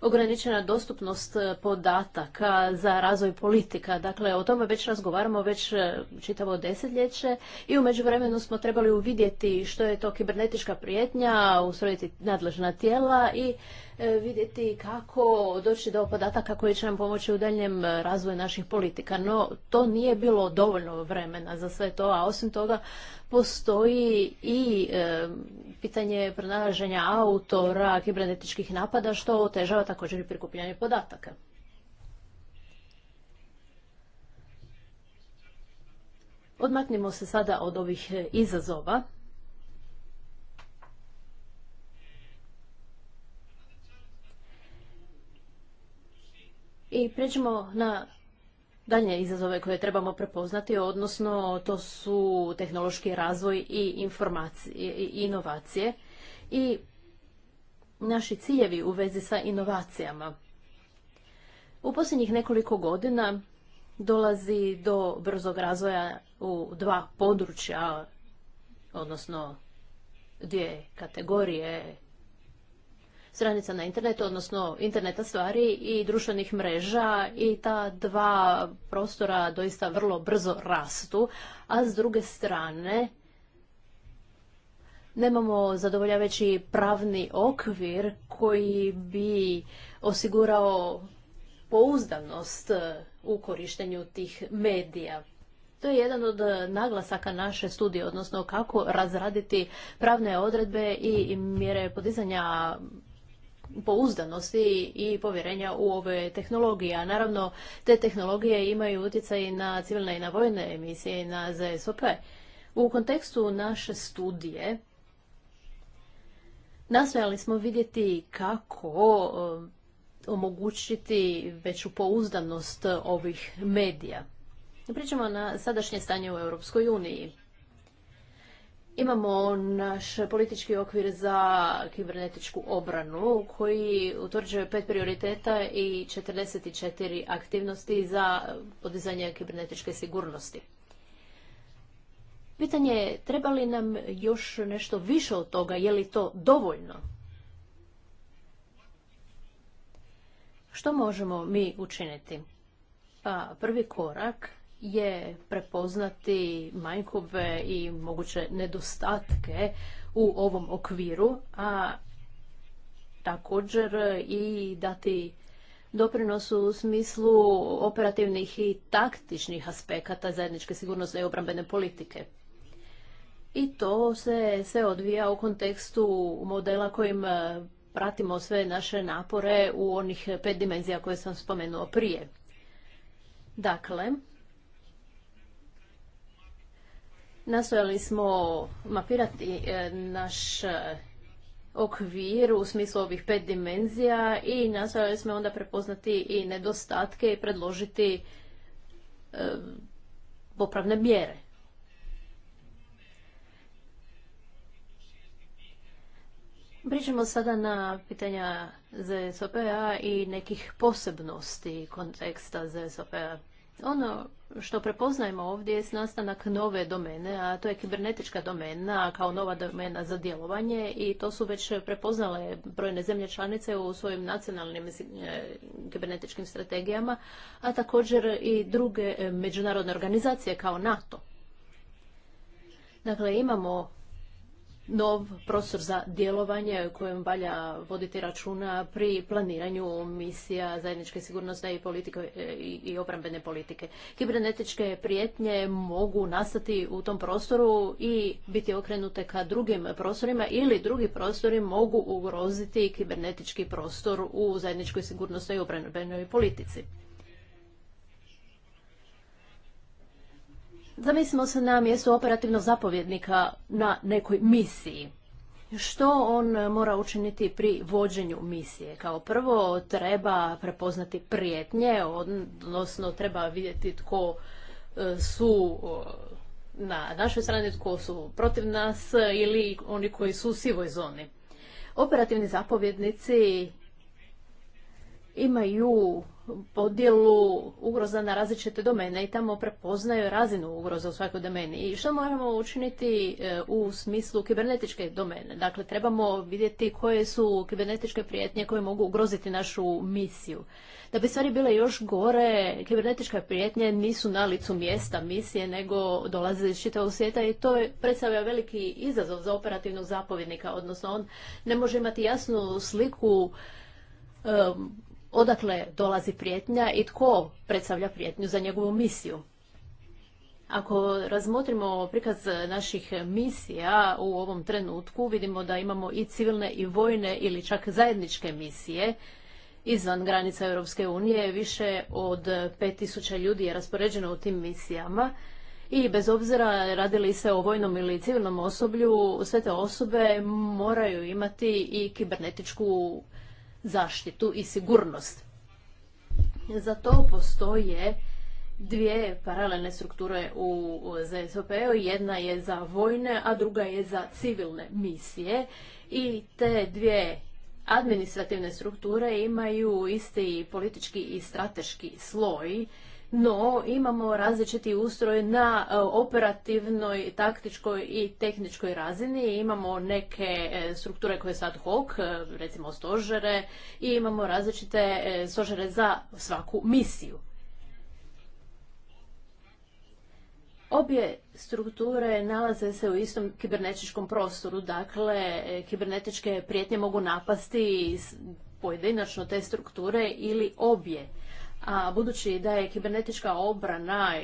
ograničena dostupnost e, podataka za razvoj politika. Dakle, o tome već razgovaramo već e, čitavo desetljeće i u međuvremenu smo trebali uvidjeti što je to kibernetička prijetnja, ustrojiti nadležna tijela i e, vidjeti kako doći do podataka koji će nam pomoći u daljem razvoju naših politika. No, to nije bilo dovoljno vremena za sve to, a osim toga postoji i pitanje pronalaženja autora kibernetičkih napada, što otežava također i prikupljanje podataka. Odmaknimo se sada od ovih izazova. I pređemo na dalje izazove koje trebamo prepoznati, odnosno to su tehnološki razvoj i inovacije i naši ciljevi u vezi sa inovacijama. U posljednjih nekoliko godina dolazi do brzog razvoja u dva područja, odnosno dvije kategorije stranica na internetu, odnosno interneta stvari i društvenih mreža i ta dva prostora doista vrlo brzo rastu, a s druge strane nemamo zadovoljavajući pravni okvir koji bi osigurao pouzdanost u korištenju tih medija. To je jedan od naglasaka naše studije, odnosno kako razraditi pravne odredbe i mjere podizanja pouzdanosti i povjerenja u ove tehnologije. A naravno, te tehnologije imaju utjecaj na civilne i na vojne emisije i na ZSOP. U kontekstu naše studije nastojali smo vidjeti kako um, omogućiti veću pouzdanost ovih medija. Pričamo na sadašnje stanje u Europskoj uniji. Imamo naš politički okvir za kibernetičku obranu koji utvrđuje pet prioriteta i 44 aktivnosti za podizanje kibernetičke sigurnosti. Pitanje je treba li nam još nešto više od toga, je li to dovoljno? Što možemo mi učiniti? Pa prvi korak je prepoznati manjkove i moguće nedostatke u ovom okviru, a također i dati doprinos u smislu operativnih i taktičnih aspekata zajedničke sigurnosne i obrambene politike. I to se sve odvija u kontekstu modela kojim pratimo sve naše napore u onih pet dimenzija koje sam spomenuo prije. Dakle, Nastojali smo mapirati e, naš e, okvir u smislu ovih pet dimenzija i nastojali smo onda prepoznati i nedostatke i predložiti e, popravne mjere. Pričamo sada na pitanja ZSOP-a i nekih posebnosti konteksta ZSOP-a. Ono što prepoznajemo ovdje je nastanak nove domene, a to je kibernetička domena kao nova domena za djelovanje i to su već prepoznale brojne zemlje članice u svojim nacionalnim eh, kibernetičkim strategijama, a također i druge međunarodne organizacije kao NATO. Dakle, imamo nov prostor za djelovanje kojem valja voditi računa pri planiranju misija zajedničke sigurnosne i, politike, e, i obrambene politike. Kibernetičke prijetnje mogu nastati u tom prostoru i biti okrenute ka drugim prostorima ili drugi prostori mogu ugroziti kibernetički prostor u zajedničkoj sigurnosnoj i obrambenoj politici. Zamislimo se na mjestu operativnog zapovjednika na nekoj misiji. Što on e, mora učiniti pri vođenju misije? Kao prvo treba prepoznati prijetnje, odnosno treba vidjeti tko e, su na našoj strani, tko su protiv nas ili oni koji su u sivoj zoni. Operativni zapovjednici imaju podjelu ugroza na različite domene i tamo prepoznaju razinu ugroza u svakoj domeni. I što moramo učiniti e, u smislu kibernetičke domene? Dakle, trebamo vidjeti koje su kibernetičke prijetnje koje mogu ugroziti našu misiju. Da bi stvari bile još gore, kibernetičke prijetnje nisu na licu mjesta misije, nego dolaze iz čitavog svijeta i to predstavlja veliki izazov za operativnog zapovjednika, odnosno on ne može imati jasnu sliku e, odakle dolazi prijetnja i tko predstavlja prijetnju za njegovu misiju. Ako razmotrimo prikaz naših misija u ovom trenutku, vidimo da imamo i civilne i vojne ili čak zajedničke misije izvan granica Europske unije. Više od 5000 ljudi je raspoređeno u tim misijama i bez obzira radili se o vojnom ili civilnom osoblju, sve te osobe moraju imati i kibernetičku zaštitu i sigurnost. Za to postoje dvije paralelne strukture u ZSOP-u. Jedna je za vojne, a druga je za civilne misije. I te dvije administrativne strukture imaju isti politički i strateški sloj no imamo različiti ustroj na e, operativnoj, taktičkoj i tehničkoj razini. Imamo neke e, strukture koje su ad hoc, e, recimo stožere, i imamo različite stožere za svaku misiju. Obje strukture nalaze se u istom kibernetičkom prostoru, dakle kibernetičke prijetnje mogu napasti pojedinačno te strukture ili obje. A budući da je kibernetička obrana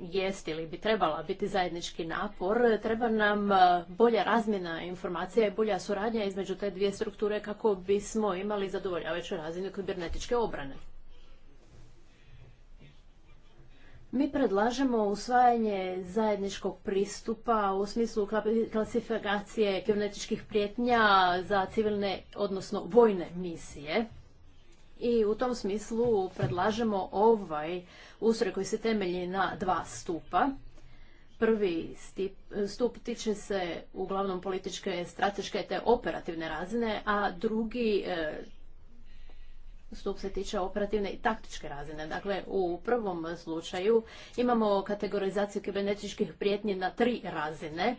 jest ili bi trebala biti zajednički napor, treba nam e, bolja razmjena informacija i bolja suradnja između te dvije strukture kako bismo imali zadovoljavajuću razinu kibernetičke obrane. Mi predlažemo usvajanje zajedničkog pristupa u smislu klasifikacije kibernetičkih prijetnja za civilne, odnosno vojne misije i u tom smislu predlažemo ovaj ustroj koji se temelji na dva stupa. Prvi stup tiče se uglavnom političke, strateške te operativne razine, a drugi e, stup se tiče operativne i taktičke razine. Dakle, u prvom slučaju imamo kategorizaciju kibernetičkih prijetnji na tri razine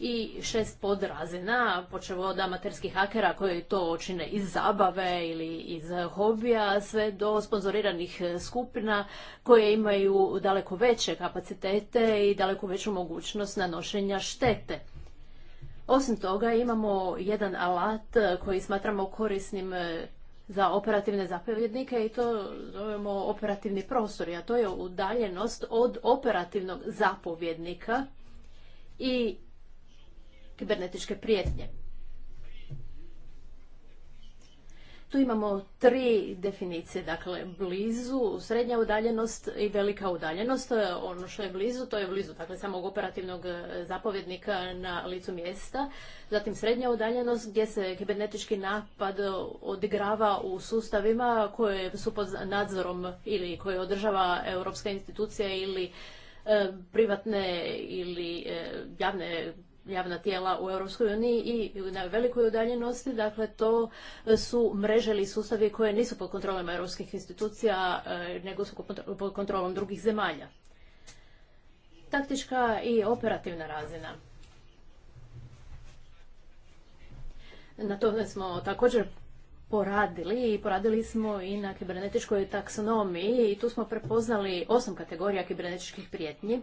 i šest podrazina, počevo od amaterskih hakera koji to čine iz zabave ili iz hobija, sve do sponzoriranih skupina koje imaju daleko veće kapacitete i daleko veću mogućnost nanošenja štete. Osim toga imamo jedan alat koji smatramo korisnim e, za operativne zapovjednike i to zovemo operativni prostor, a to je udaljenost od operativnog zapovjednika i kibernetičke prijetnje. Tu imamo tri definicije, dakle blizu, srednja udaljenost i velika udaljenost. Ono što je blizu, to je blizu, dakle samog operativnog e, zapovjednika na licu mjesta. Zatim srednja udaljenost gdje se kibernetički napad odigrava u sustavima koje su pod nadzorom ili koje održava europska institucija ili e, privatne ili e, javne javna tijela u Europskoj uniji i na velikoj udaljenosti. Dakle, to su mreže ili sustavi koje nisu pod kontrolom europskih institucija, eh, nego su pod kontrolom drugih zemalja. Taktička i operativna razina. Na tome smo također poradili i poradili smo i na kibernetičkoj taksonomiji i tu smo prepoznali osam kategorija kibernetičkih prijetnji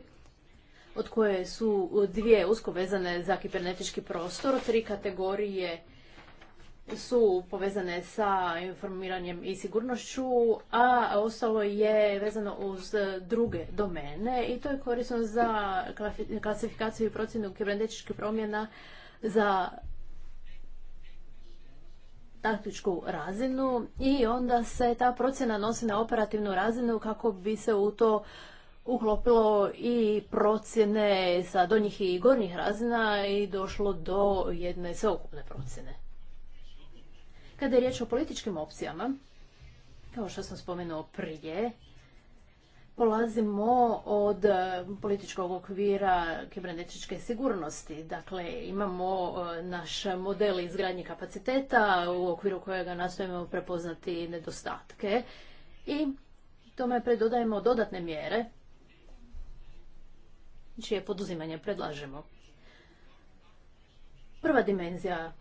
od koje su dvije usko vezane za kibernetički prostor. Tri kategorije su povezane sa informiranjem i sigurnošću, a ostalo je vezano uz druge domene i to je korisno za klasifikaciju i procjenu kibernetičkih promjena za taktičku razinu i onda se ta procjena nosi na operativnu razinu kako bi se u to uklopilo i procjene sa donjih i gornjih razina i došlo do jedne sveukupne procjene. Kada je riječ o političkim opcijama, kao što sam spomenuo prije, polazimo od političkog okvira kibernetičke sigurnosti. Dakle, imamo e, naš model izgradnje kapaciteta u okviru kojega nastojimo prepoznati nedostatke i tome predodajemo dodatne mjere čije poduzimanje predlažemo. Prva dimenzija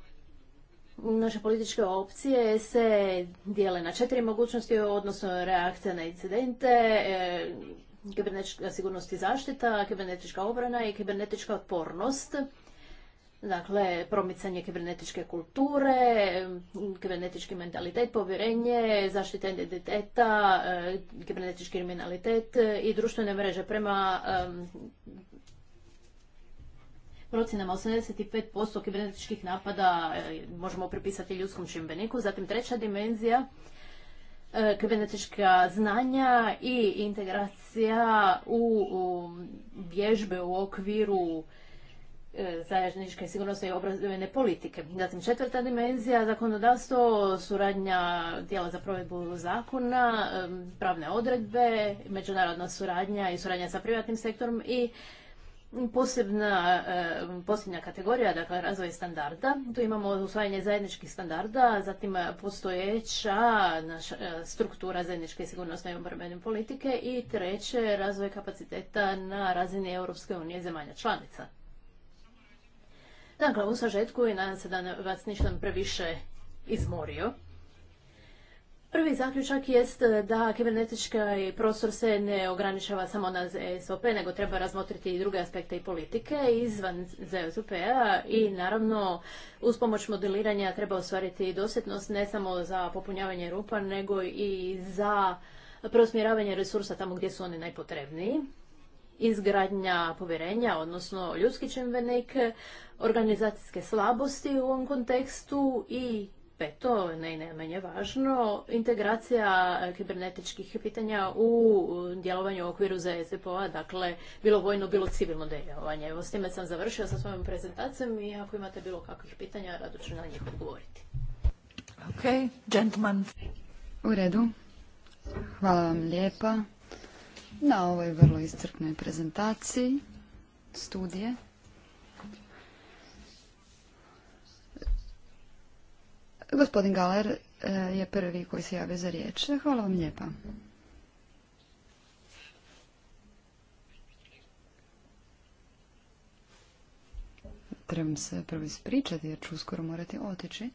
naše političke opcije se dijele na četiri mogućnosti, odnosno reakcija na incidente, e, kibernetička sigurnost i zaštita, kibernetička obrana i kibernetička otpornost. Dakle, promicanje kibernetičke kulture, kibernetički mentalitet, povjerenje, zaštita identiteta, e, kibernetički kriminalitet e, i društvene mreže. Prema procjenama 85% kibernetičkih napada e, možemo pripisati ljudskom čimbeniku. Zatim treća dimenzija, kibernetička znanja i integracija u vježbe u okviru E, zajedničke sigurnosne i obrazovne politike. Zatim četvrta dimenzija, zakonodavstvo, suradnja tijela za provedbu zakona, e, pravne odredbe, međunarodna suradnja i suradnja sa privatnim sektorom i posebna, e, posljednja kategorija, dakle razvoj standarda. Tu imamo usvajanje zajedničkih standarda, zatim postojeća naša struktura zajedničke sigurnosne i obrambene politike i treće, razvoj kapaciteta na razini Europske unije zemalja članica. Dakle, u sažetku i nadam se da vas ništa previše izmorio. Prvi zaključak jest e, da kibernetički prostor se ne ograničava samo na ZSOP, nego treba razmotriti i druge aspekte i politike izvan ZSOP-a i naravno uz pomoć modeliranja treba ostvariti dosjetnost ne samo za popunjavanje rupa, nego i za prosmjeravanje resursa tamo gdje su oni najpotrebniji izgradnja povjerenja, odnosno ljudski čimbenik, organizacijske slabosti u ovom kontekstu i peto, ne i najmanje važno, integracija kibernetičkih pitanja u djelovanju u okviru ZSP-a, dakle bilo vojno, bilo civilno djelovanje. Evo, s time sam završila sa svojom prezentacijom i ako imate bilo kakvih pitanja, rado ću na njih odgovoriti. Ok, U redu. Hvala vam lijepa na ovoj vrlo iscrpnoj prezentaciji studije. Gospodin Galer eh, je prvi koji se javio za riječ. Hvala vam lijepa. Trebam se prvo ispričati jer ću uskoro morati otići.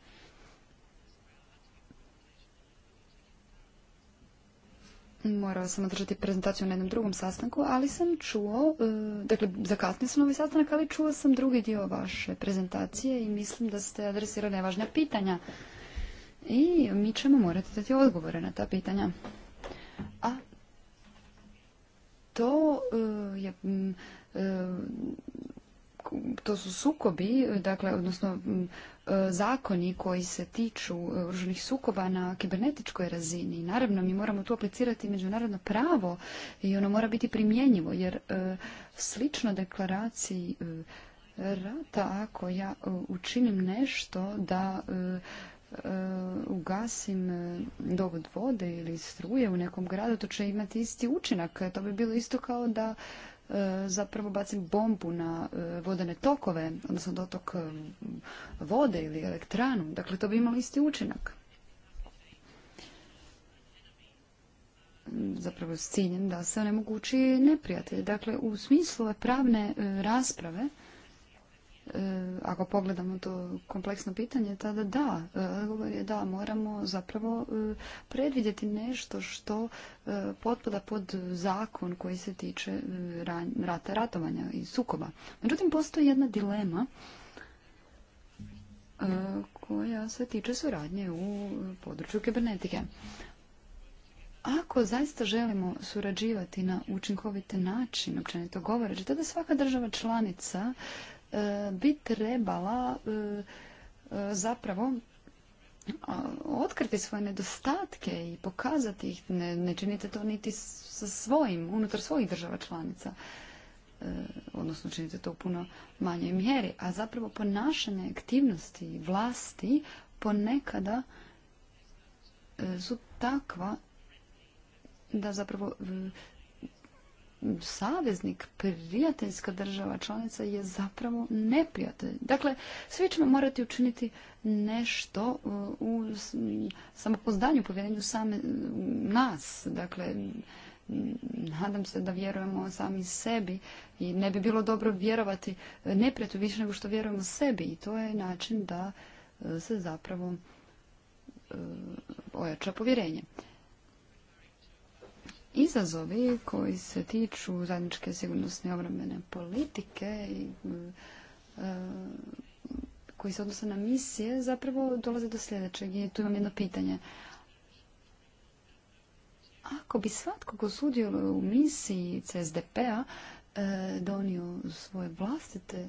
Morala sam održati prezentaciju na jednom drugom sastanku, ali sam čuo, e, dakle zakasnio sam novi ovaj sastanak, ali čuo sam drugi dio vaše prezentacije i mislim da ste adresirali nevažna pitanja. I mi ćemo morati dati odgovore na ta pitanja. A to e, je e, to su sukobi, dakle, odnosno e, zakoni koji se tiču e, oružanih sukoba na kibernetičkoj razini. Naravno, mi moramo tu aplicirati međunarodno pravo i ono mora biti primjenjivo, jer e, slično deklaraciji rata, ako ja učinim nešto da ugasim dovod vode ili struje u nekom gradu, to će imati isti učinak. To bi bilo isto kao da E, zapravo bacim bombu na e, vodene tokove, odnosno dotok e, vode ili elektranu. Dakle, to bi imalo isti učinak. Mm, zapravo s ciljem da se onemogući neprijatelj. Dakle, u smislu pravne rasprave E, ako pogledamo to kompleksno pitanje, tada da, e, odgovor je da, moramo zapravo e, predvidjeti nešto što potpada pod zakon koji se tiče rata, ratovanja i sukoba. Međutim, postoji jedna dilema koja se tiče suradnje u području kibernetike. Ako zaista želimo surađivati na učinkovit način, općenito govoreći, tada svaka država članica E, bi trebala e, e, zapravo otkriti svoje nedostatke i pokazati ih. Ne, činite to niti sa svojim, unutar svojih država članica. odnosno činite to u puno manjoj mjeri. A zapravo ponašanje aktivnosti vlasti ponekada su takva da zapravo saveznik, prijateljska država članica je zapravo neprijatelj. Dakle, svi ćemo morati učiniti nešto uh, u samopozdanju, povjerenju same nas. Dakle, nadam se da vjerujemo sami sebi i ne bi bilo dobro vjerovati neprijatelju više nego što vjerujemo sebi i to je način da uh, se zapravo uh, ojača povjerenje izazovi koji se tiču zajedničke sigurnosne obrambene politike i e, koji se odnose na misije zapravo dolaze do sljedećeg i tu imam jedno pitanje. Ako bi svatko ko sudjeluje u misiji CSDP-a e, donio svoje vlastite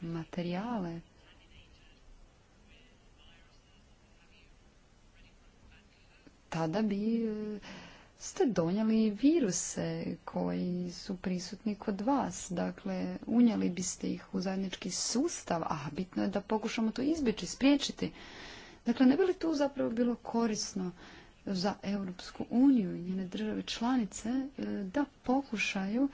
materijale, tada bi e, ste donijeli viruse koji su prisutni kod vas. Dakle, unijeli biste ih u zajednički sustav, a bitno je da pokušamo to izbjeći, spriječiti. Dakle, ne bi li tu zapravo bilo korisno za Europsku uniju i njene države članice e, da pokušaju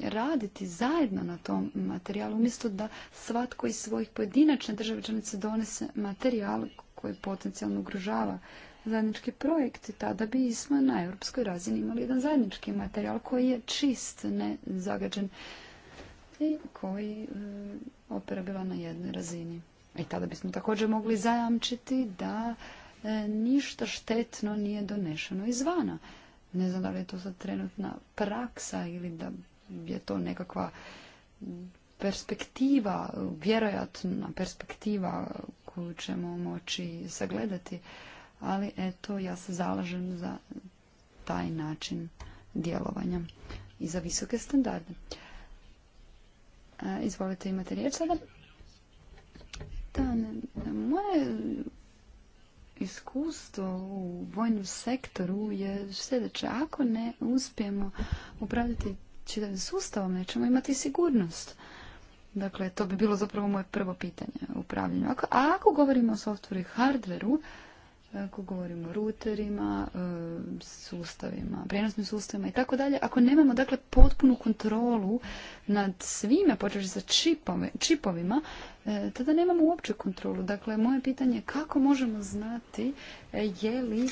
raditi zajedno na tom materijalu, umjesto da svatko iz svojih pojedinačne države članice donese materijal koji potencijalno ugrožava zajednički projekt tada bismo na europskoj razini imali jedan zajednički materijal koji je čist, ne zagađen i koji e, operabilan opera bila na jednoj razini. I tada bismo također mogli zajamčiti da e, ništa štetno nije donešeno izvana. Ne znam da li je to sad trenutna praksa ili da je to nekakva perspektiva, vjerojatna perspektiva koju ćemo moći sagledati ali eto ja se zalažem za taj način djelovanja i za visoke standarde. E, izvolite, imate riječ sada. Da, moje iskustvo u vojnom sektoru je sljedeće. Ako ne uspijemo upravljati čitavim sustavom, nećemo imati sigurnost. Dakle, to bi bilo zapravo moje prvo pitanje u upravljanju. Ako, a ako govorimo o softveru i hardveru, ako e, govorimo o ruterima, e, sustavima, prijenosnim sustavima i tako dalje, ako nemamo dakle potpunu kontrolu nad svime, počeš sa čipovima, e, tada nemamo uopće kontrolu. Dakle, moje pitanje je kako možemo znati je li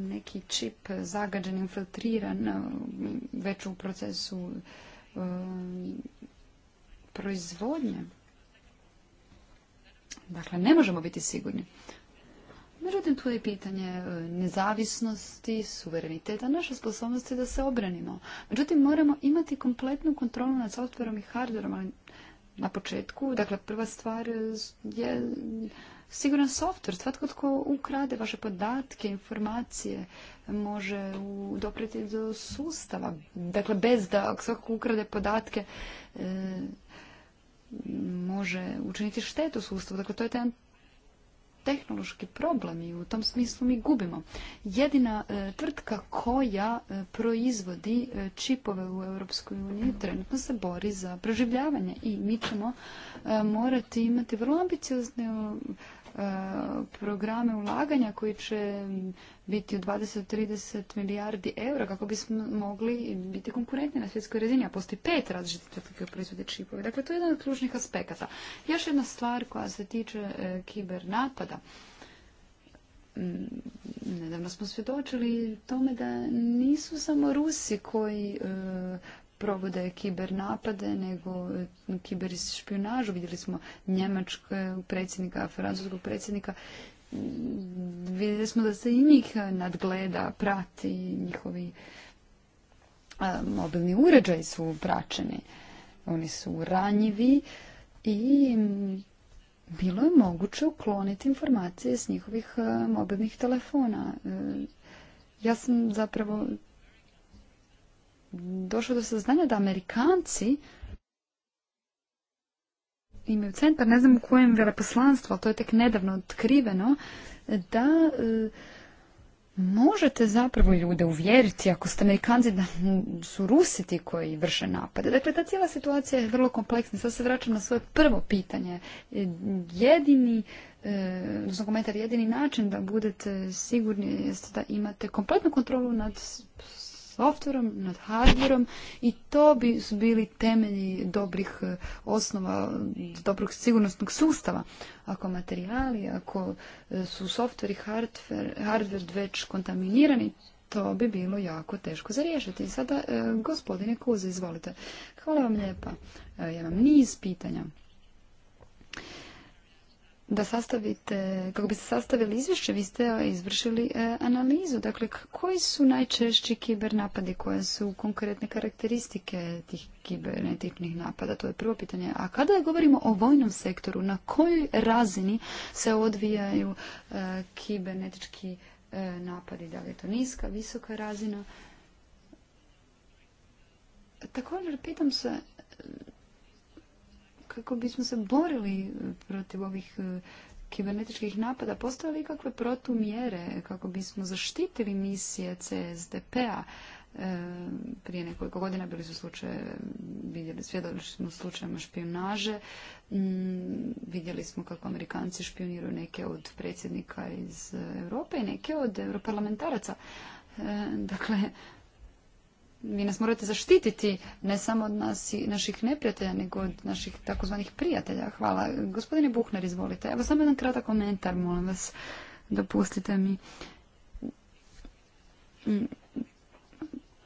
neki čip zagađen, infiltriran već u procesu proizvodnje. Dakle, ne možemo biti sigurni. Međutim, tu je pitanje e, nezavisnosti, suvereniteta, naše sposobnosti da se obranimo. Međutim, moramo imati kompletnu kontrolu nad softverom i hardverom, ali na početku, dakle, prva stvar je siguran softver. Svatko tko ukrade vaše podatke, informacije, može dopriti do sustava. Dakle, bez da svako ukrade podatke, e, može učiniti štetu sustavu. Dakle, to je ten tehnološki problem i u tom smislu mi gubimo. Jedina e, tvrtka koja e, proizvodi e, čipove u Europskoj uniji trenutno se bori za preživljavanje i mi ćemo morati imati vrlo ambiciozne E, programe ulaganja koji će biti u 20-30 milijardi eura kako bismo mogli biti konkurentni na svjetskoj razini, a postoji pet različitih tvrtke proizvode Dakle, to je jedan od ključnih aspekata. Još jedna stvar koja se tiče e, kiber napada. Mm, nedavno smo svjedočili tome da nisu samo Rusi koji e, provode napade nego e, špionažu. Vidjeli smo njemačkog predsjednika, francuskog predsjednika. Vidjeli smo da se i njih nadgleda, prati njihovi mobilni uređaj su praćeni. Oni su ranjivi i bilo je moguće ukloniti informacije s njihovih e, mobilnih telefona. E, ja sam zapravo došlo do saznanja da Amerikanci imaju centar, ne znam u kojem veleposlanstvu, ali to je tek nedavno otkriveno, da e, možete zapravo ljude uvjeriti ako ste Amerikanci da su Rusi ti koji vrše napade. Dakle, ta cijela situacija je vrlo kompleksna. Sad se vraćam na svoje prvo pitanje. E, jedini, e, odnosno jedini način da budete sigurni jeste da imate kompletnu kontrolu nad softverom, nad hardverom i to bi bili temelji dobrih e, osnova, dobrog sigurnosnog sustava. Ako materijali, ako e, su softver i hardver, već kontaminirani, to bi bilo jako teško za riješiti. I sada, e, gospodine Kuze, izvolite. Hvala vam lijepa. Ja imam niz pitanja da sastavite, kako biste sastavili izvješće, vi ste izvršili e, analizu. Dakle, koji su najčešći kibernapadi, koje su konkretne karakteristike tih kibernetičnih napada? To je prvo pitanje. A kada govorimo o vojnom sektoru, na kojoj razini se odvijaju e, kibernetički e, napadi? Da li je to niska, visoka razina? Također, pitam se kako bismo se borili e, protiv ovih e, kibernetičkih napada, postoje li kakve protumjere kako bismo zaštitili misije CSDP-a? E, prije nekoliko godina bili su slučaje, vidjeli, svjedali smo slučajima špionaže, mm, vidjeli smo kako Amerikanci špioniraju neke od predsjednika iz Europe i neke od europarlamentaraca. dakle, vi nas morate zaštititi ne samo od nas i naših neprijatelja, nego od naših takozvanih prijatelja. Hvala. Gospodine Buhner, izvolite. Evo samo jedan kratak komentar, molim vas. Dopustite mi. Mm,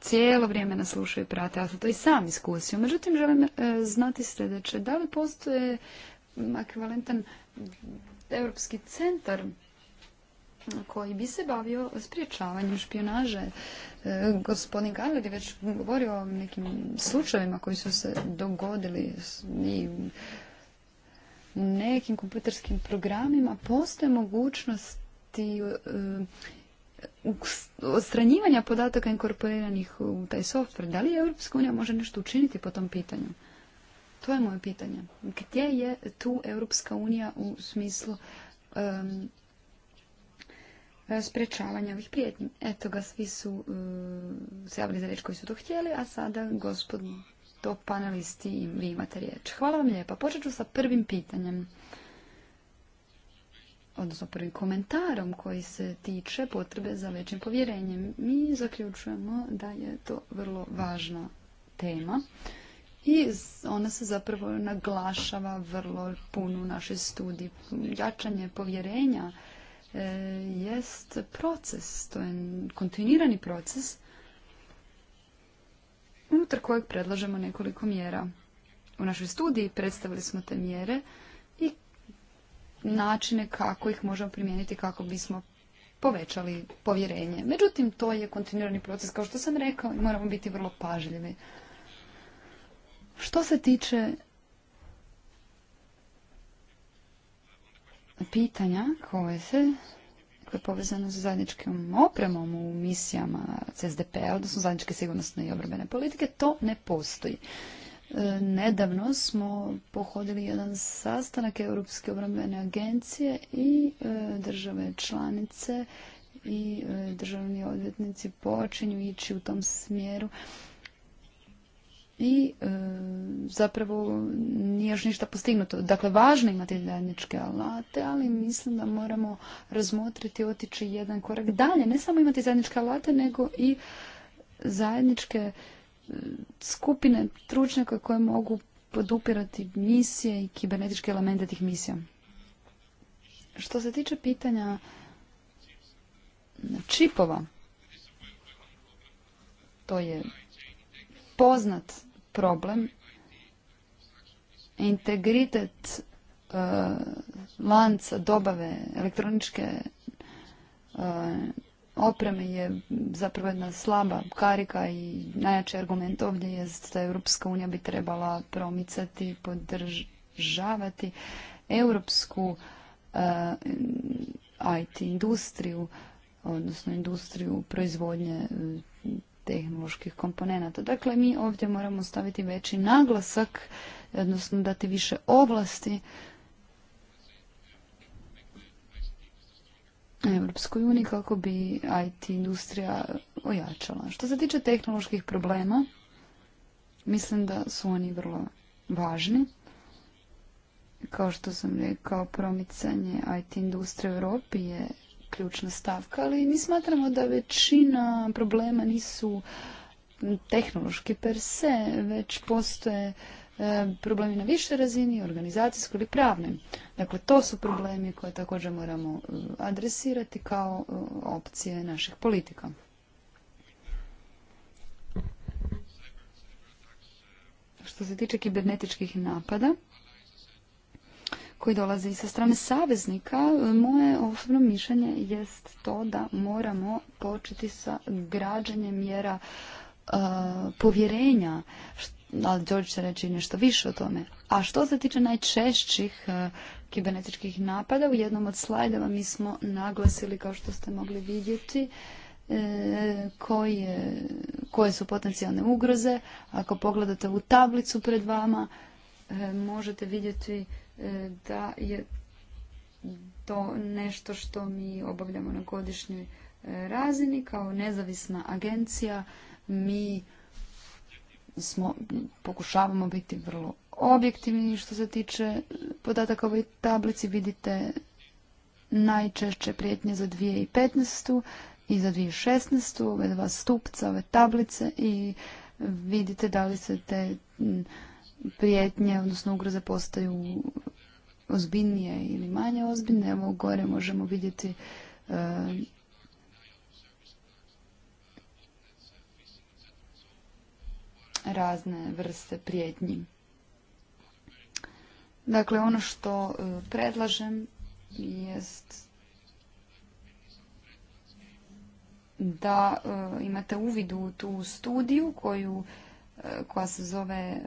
cijelo vrijeme nas slušaju i prate. Ja sam to i sam iskusio. Međutim, želim e, znati sljedeće. Da li postoje ekvivalentan europski centar koji bi se bavio spriječavanjem špionaže. E, gospodin Karler je već govorio o nekim slučajevima koji su se dogodili i u nekim kompjuterskim programima postoje mogućnosti e, ostranjivanja podataka inkorporiranih u taj software. Da li Europska unija može nešto učiniti po tom pitanju? To je moje pitanje. Gdje je tu Europska unija u smislu E, sprečavanja ovih prijetnji. Eto ga, svi su e, se javili za riječ koji su to htjeli, a sada gospod to panelisti i vi imate riječ. Hvala vam lijepa. Počet ću sa prvim pitanjem, odnosno prvim komentarom koji se tiče potrebe za većim povjerenjem. Mi zaključujemo da je to vrlo važna tema i ona se zapravo naglašava vrlo puno u našoj studiji. Jačanje povjerenja E, jest proces, to je kontinuirani proces unutar kojeg predlažemo nekoliko mjera. U našoj studiji predstavili smo te mjere i načine kako ih možemo primijeniti kako bismo povećali povjerenje. Međutim, to je kontinuirani proces, kao što sam rekao, i moramo biti vrlo pažljivi. Što se tiče pitanja koje se koje je povezano sa zajedničkim opremom u misijama csdp p-a, odnosno zajedničke sigurnosne i obrambene politike, to ne postoji. E, nedavno smo pohodili jedan sastanak Europske obrambene agencije i e, države članice i e, državni odvjetnici počinju ići u tom smjeru i e, zapravo nije još ništa postignuto. Dakle, važno imati zajedničke alate, ali mislim da moramo razmotriti, otići jedan korak dalje. Ne samo imati zajedničke alate, nego i zajedničke e, skupine stručnjaka koje mogu podupirati misije i kibernetičke elemente tih misija. Što se tiče pitanja čipova, to je poznat problem. Integritet e, lanca dobave elektroničke e, opreme je zapravo jedna slaba karika i najjači argument ovdje je da Europska unija bi trebala promicati podržavati europsku e, IT industriju, odnosno industriju proizvodnje tehnoloških komponenata. Dakle, mi ovdje moramo staviti veći naglasak, odnosno dati više ovlasti Europskoj uniji kako bi IT industrija ojačala. Što se tiče tehnoloških problema, mislim da su oni vrlo važni. Kao što sam rekao, promicanje IT industrije u Europi je ključna stavka, ali mi smatramo da većina problema nisu tehnološki per se, već postoje e, problemi na višoj razini, organizacijskoj ili pravnoj. Dakle, to su problemi koje također moramo e, adresirati kao e, opcije naših politika. Što se tiče kibernetičkih napada, koji dolazi sa strane saveznika, moje osobno mišljenje jest to da moramo početi sa građanjem mjera e, povjerenja, ali Đorđe će reći nešto više o tome. A što se tiče najčešćih e, kibernetičkih napada, u jednom od slajdeva mi smo naglasili, kao što ste mogli vidjeti, e, koje, su potencijalne ugroze. Ako pogledate u tablicu pred vama, možete vidjeti E, da je to nešto što mi obavljamo na godišnjoj e, razini kao nezavisna agencija mi smo pokušavamo biti vrlo objektivni što se tiče podataka u ovoj tablici vidite najčešće prijetnje za 2015. i za 2016. ove dva stupca, ove tablice i vidite da li se te prijetnje, odnosno ugroze postaju ozbiljnije ili manje ozbiljne. Evo gore možemo vidjeti e, razne vrste prijetnji. Dakle, ono što e, predlažem jest da e, imate uvid u tu studiju koju, koja se zove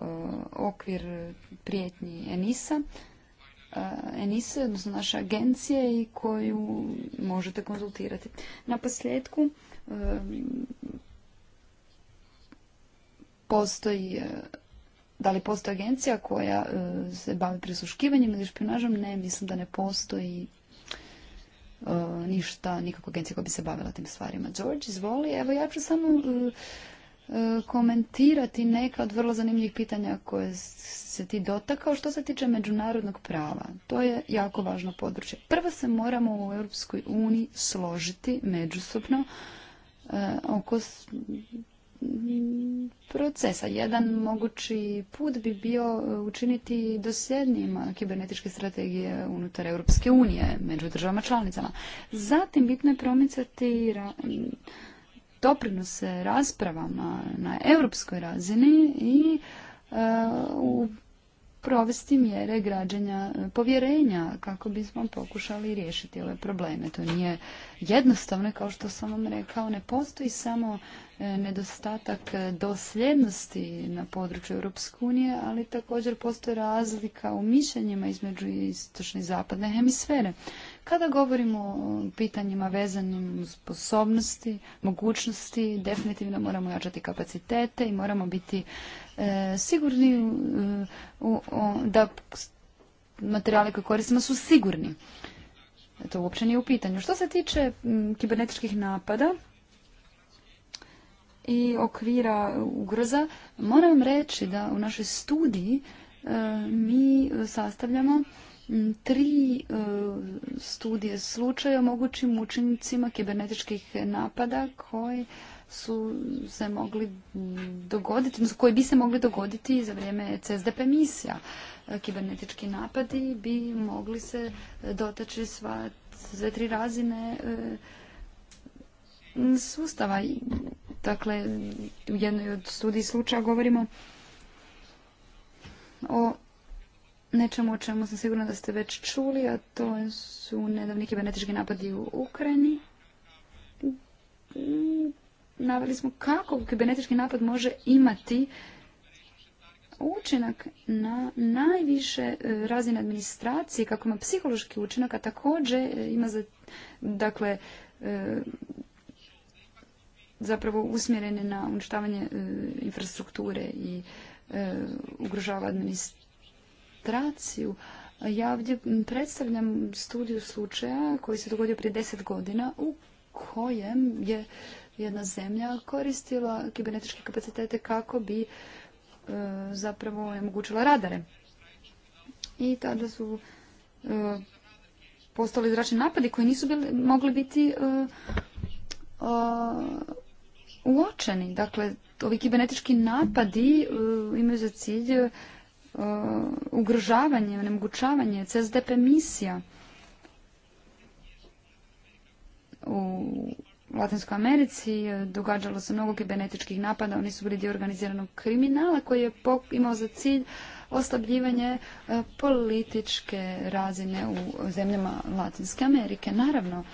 E, okvir prijetnji e, Enisa, je odnosno naše agencije i koju možete konzultirati. Na posljedku e, postoji da li postoji agencija koja se bavi prisluškivanjem ili špionažom? Ne, mislim da ne postoji ništa, nikakva agencija koja bi se bavila tim stvarima. George, izvoli, evo ja ću samo komentirati neka od vrlo zanimljivih pitanja koje se ti dotakao što se tiče međunarodnog prava. To je jako važno područje. Prvo se moramo u Europskoj uniji složiti međusobno eh, oko procesa. Jedan mogući put bi bio eh, učiniti dosljednijima kibernetičke strategije unutar Europske unije među državama članicama. Zatim bitno je promicati doprinose raspravama na europskoj razini i e, u provesti mjere građanja e, povjerenja kako bismo pokušali riješiti ove probleme. To nije jednostavno, kao što sam vam rekao, ne postoji samo e, nedostatak dosljednosti na području Europske unije, ali također postoji razlika u mišljenjima između istočne i zapadne hemisfere. Kada govorimo o pitanjima vezanim sposobnosti, mogućnosti, definitivno moramo jačati kapacitete i moramo biti e, sigurni e, da materijale koje koristimo su sigurni. E, to uopće nije u pitanju. Što se tiče kibernetičkih napada, i okvira ugroza, moram reći da u našoj studiji mi sastavljamo Mm, tri e, studije slučaja o mogućim učincima kibernetičkih napada koji su se mogli dogoditi, koji bi se mogli dogoditi za vrijeme CSDP misija. E, kibernetički napadi bi mogli se dotaći sva, sve tri razine e, sustava. Dakle, u jednoj od studij slučaja govorimo o nečemu o čemu sam sigurna da ste već čuli, a to su nedavni kibernetički napadi u Ukrajini. Naveli smo kako kibernetički napad može imati učinak na najviše e, razine administracije, kako ima psihološki učinak, a također e, ima za, dakle, e, zapravo usmjerene na uništavanje infrastrukture i ugrožava administraciju ilustraciju. Ja ovdje predstavljam studiju slučaja koji se dogodio prije deset godina u kojem je jedna zemlja koristila kibernetičke kapacitete kako bi e, zapravo omogućila radare. I tada su e, postali zračni napadi koji nisu mogli biti e, uočeni. Dakle, ovi kibernetički napadi imaju za cilj Uh, ugrožavanje, onemogućavanje CSDP misija u Latinskoj Americi događalo se mnogo kibernetičkih napada, oni su bili dio organiziranog kriminala koji je imao za cilj oslabljivanje uh, političke razine u zemljama Latinske Amerike. Naravno,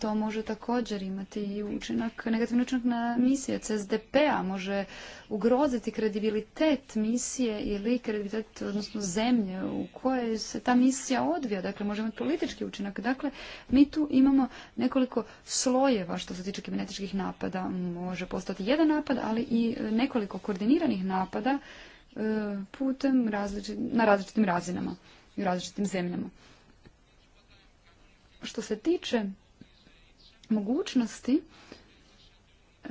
to može također imati i učinak, negativni učinak na misije CSDP-a, može ugroziti kredibilitet misije ili kredibilitet, odnosno zemlje u kojoj se ta misija odvija, dakle može imati politički učinak. Dakle, mi tu imamo nekoliko slojeva što se tiče kibernetičkih napada, može postati jedan napad, ali i nekoliko koordiniranih napada e, putem različit, na različitim razinama i u različitim zemljama. Što se tiče mogućnosti e,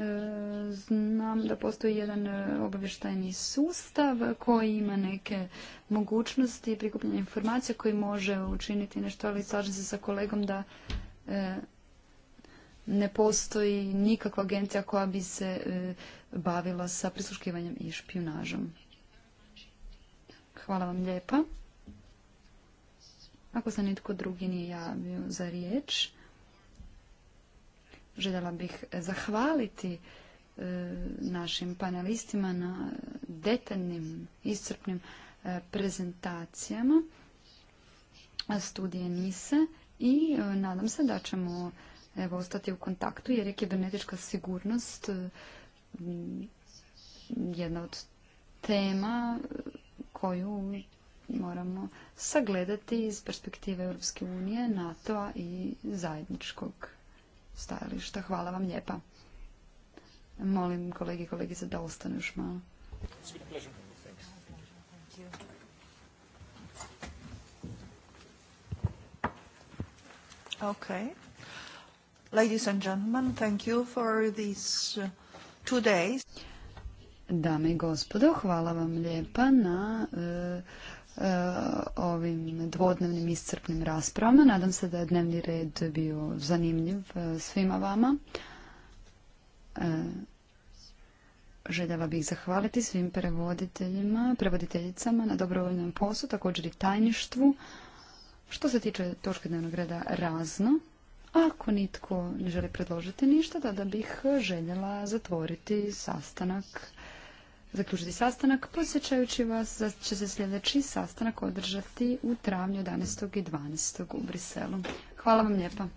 znam da postoji jedan e, obavještajni sustav koji ima neke mogućnosti prikupljanja informacija koji može učiniti nešto, ali slažem se sa kolegom da e, ne postoji nikakva agencija koja bi se bavila sa prisluškivanjem i špionažom. Hvala vam lijepa. Ako se nitko drugi nije javio za riječ, Željela bih zahvaliti e, našim panelistima na detaljnim, iscrpnim e, prezentacijama studije NISE i e, nadam se da ćemo evo, ostati u kontaktu jer je kibernetička sigurnost jedna od tema koju moramo sagledati iz perspektive Europske unije, NATO-a i zajedničkog stajališta. Hvala vam lijepa. Molim kolegi i kolegice da ostane još malo. Okay. Ladies and gentlemen, thank you for these uh, two days. Dame i gospodo, hvala vam lijepa na uh, E, ovim dvodnevnim iscrpnim raspravama. Nadam se da je dnevni red bio zanimljiv e, svima vama. E, željela bih zahvaliti svim prevoditeljima, prevoditeljicama na dobrovoljnom poslu, također i tajništvu. Što se tiče točke dnevnog reda razno, ako nitko ne želi predložiti ništa, tada bih željela zatvoriti sastanak zaključiti sastanak, posjećajući vas da će se sljedeći sastanak održati u travnju 11. i 12. u Briselu. Hvala vam lijepa.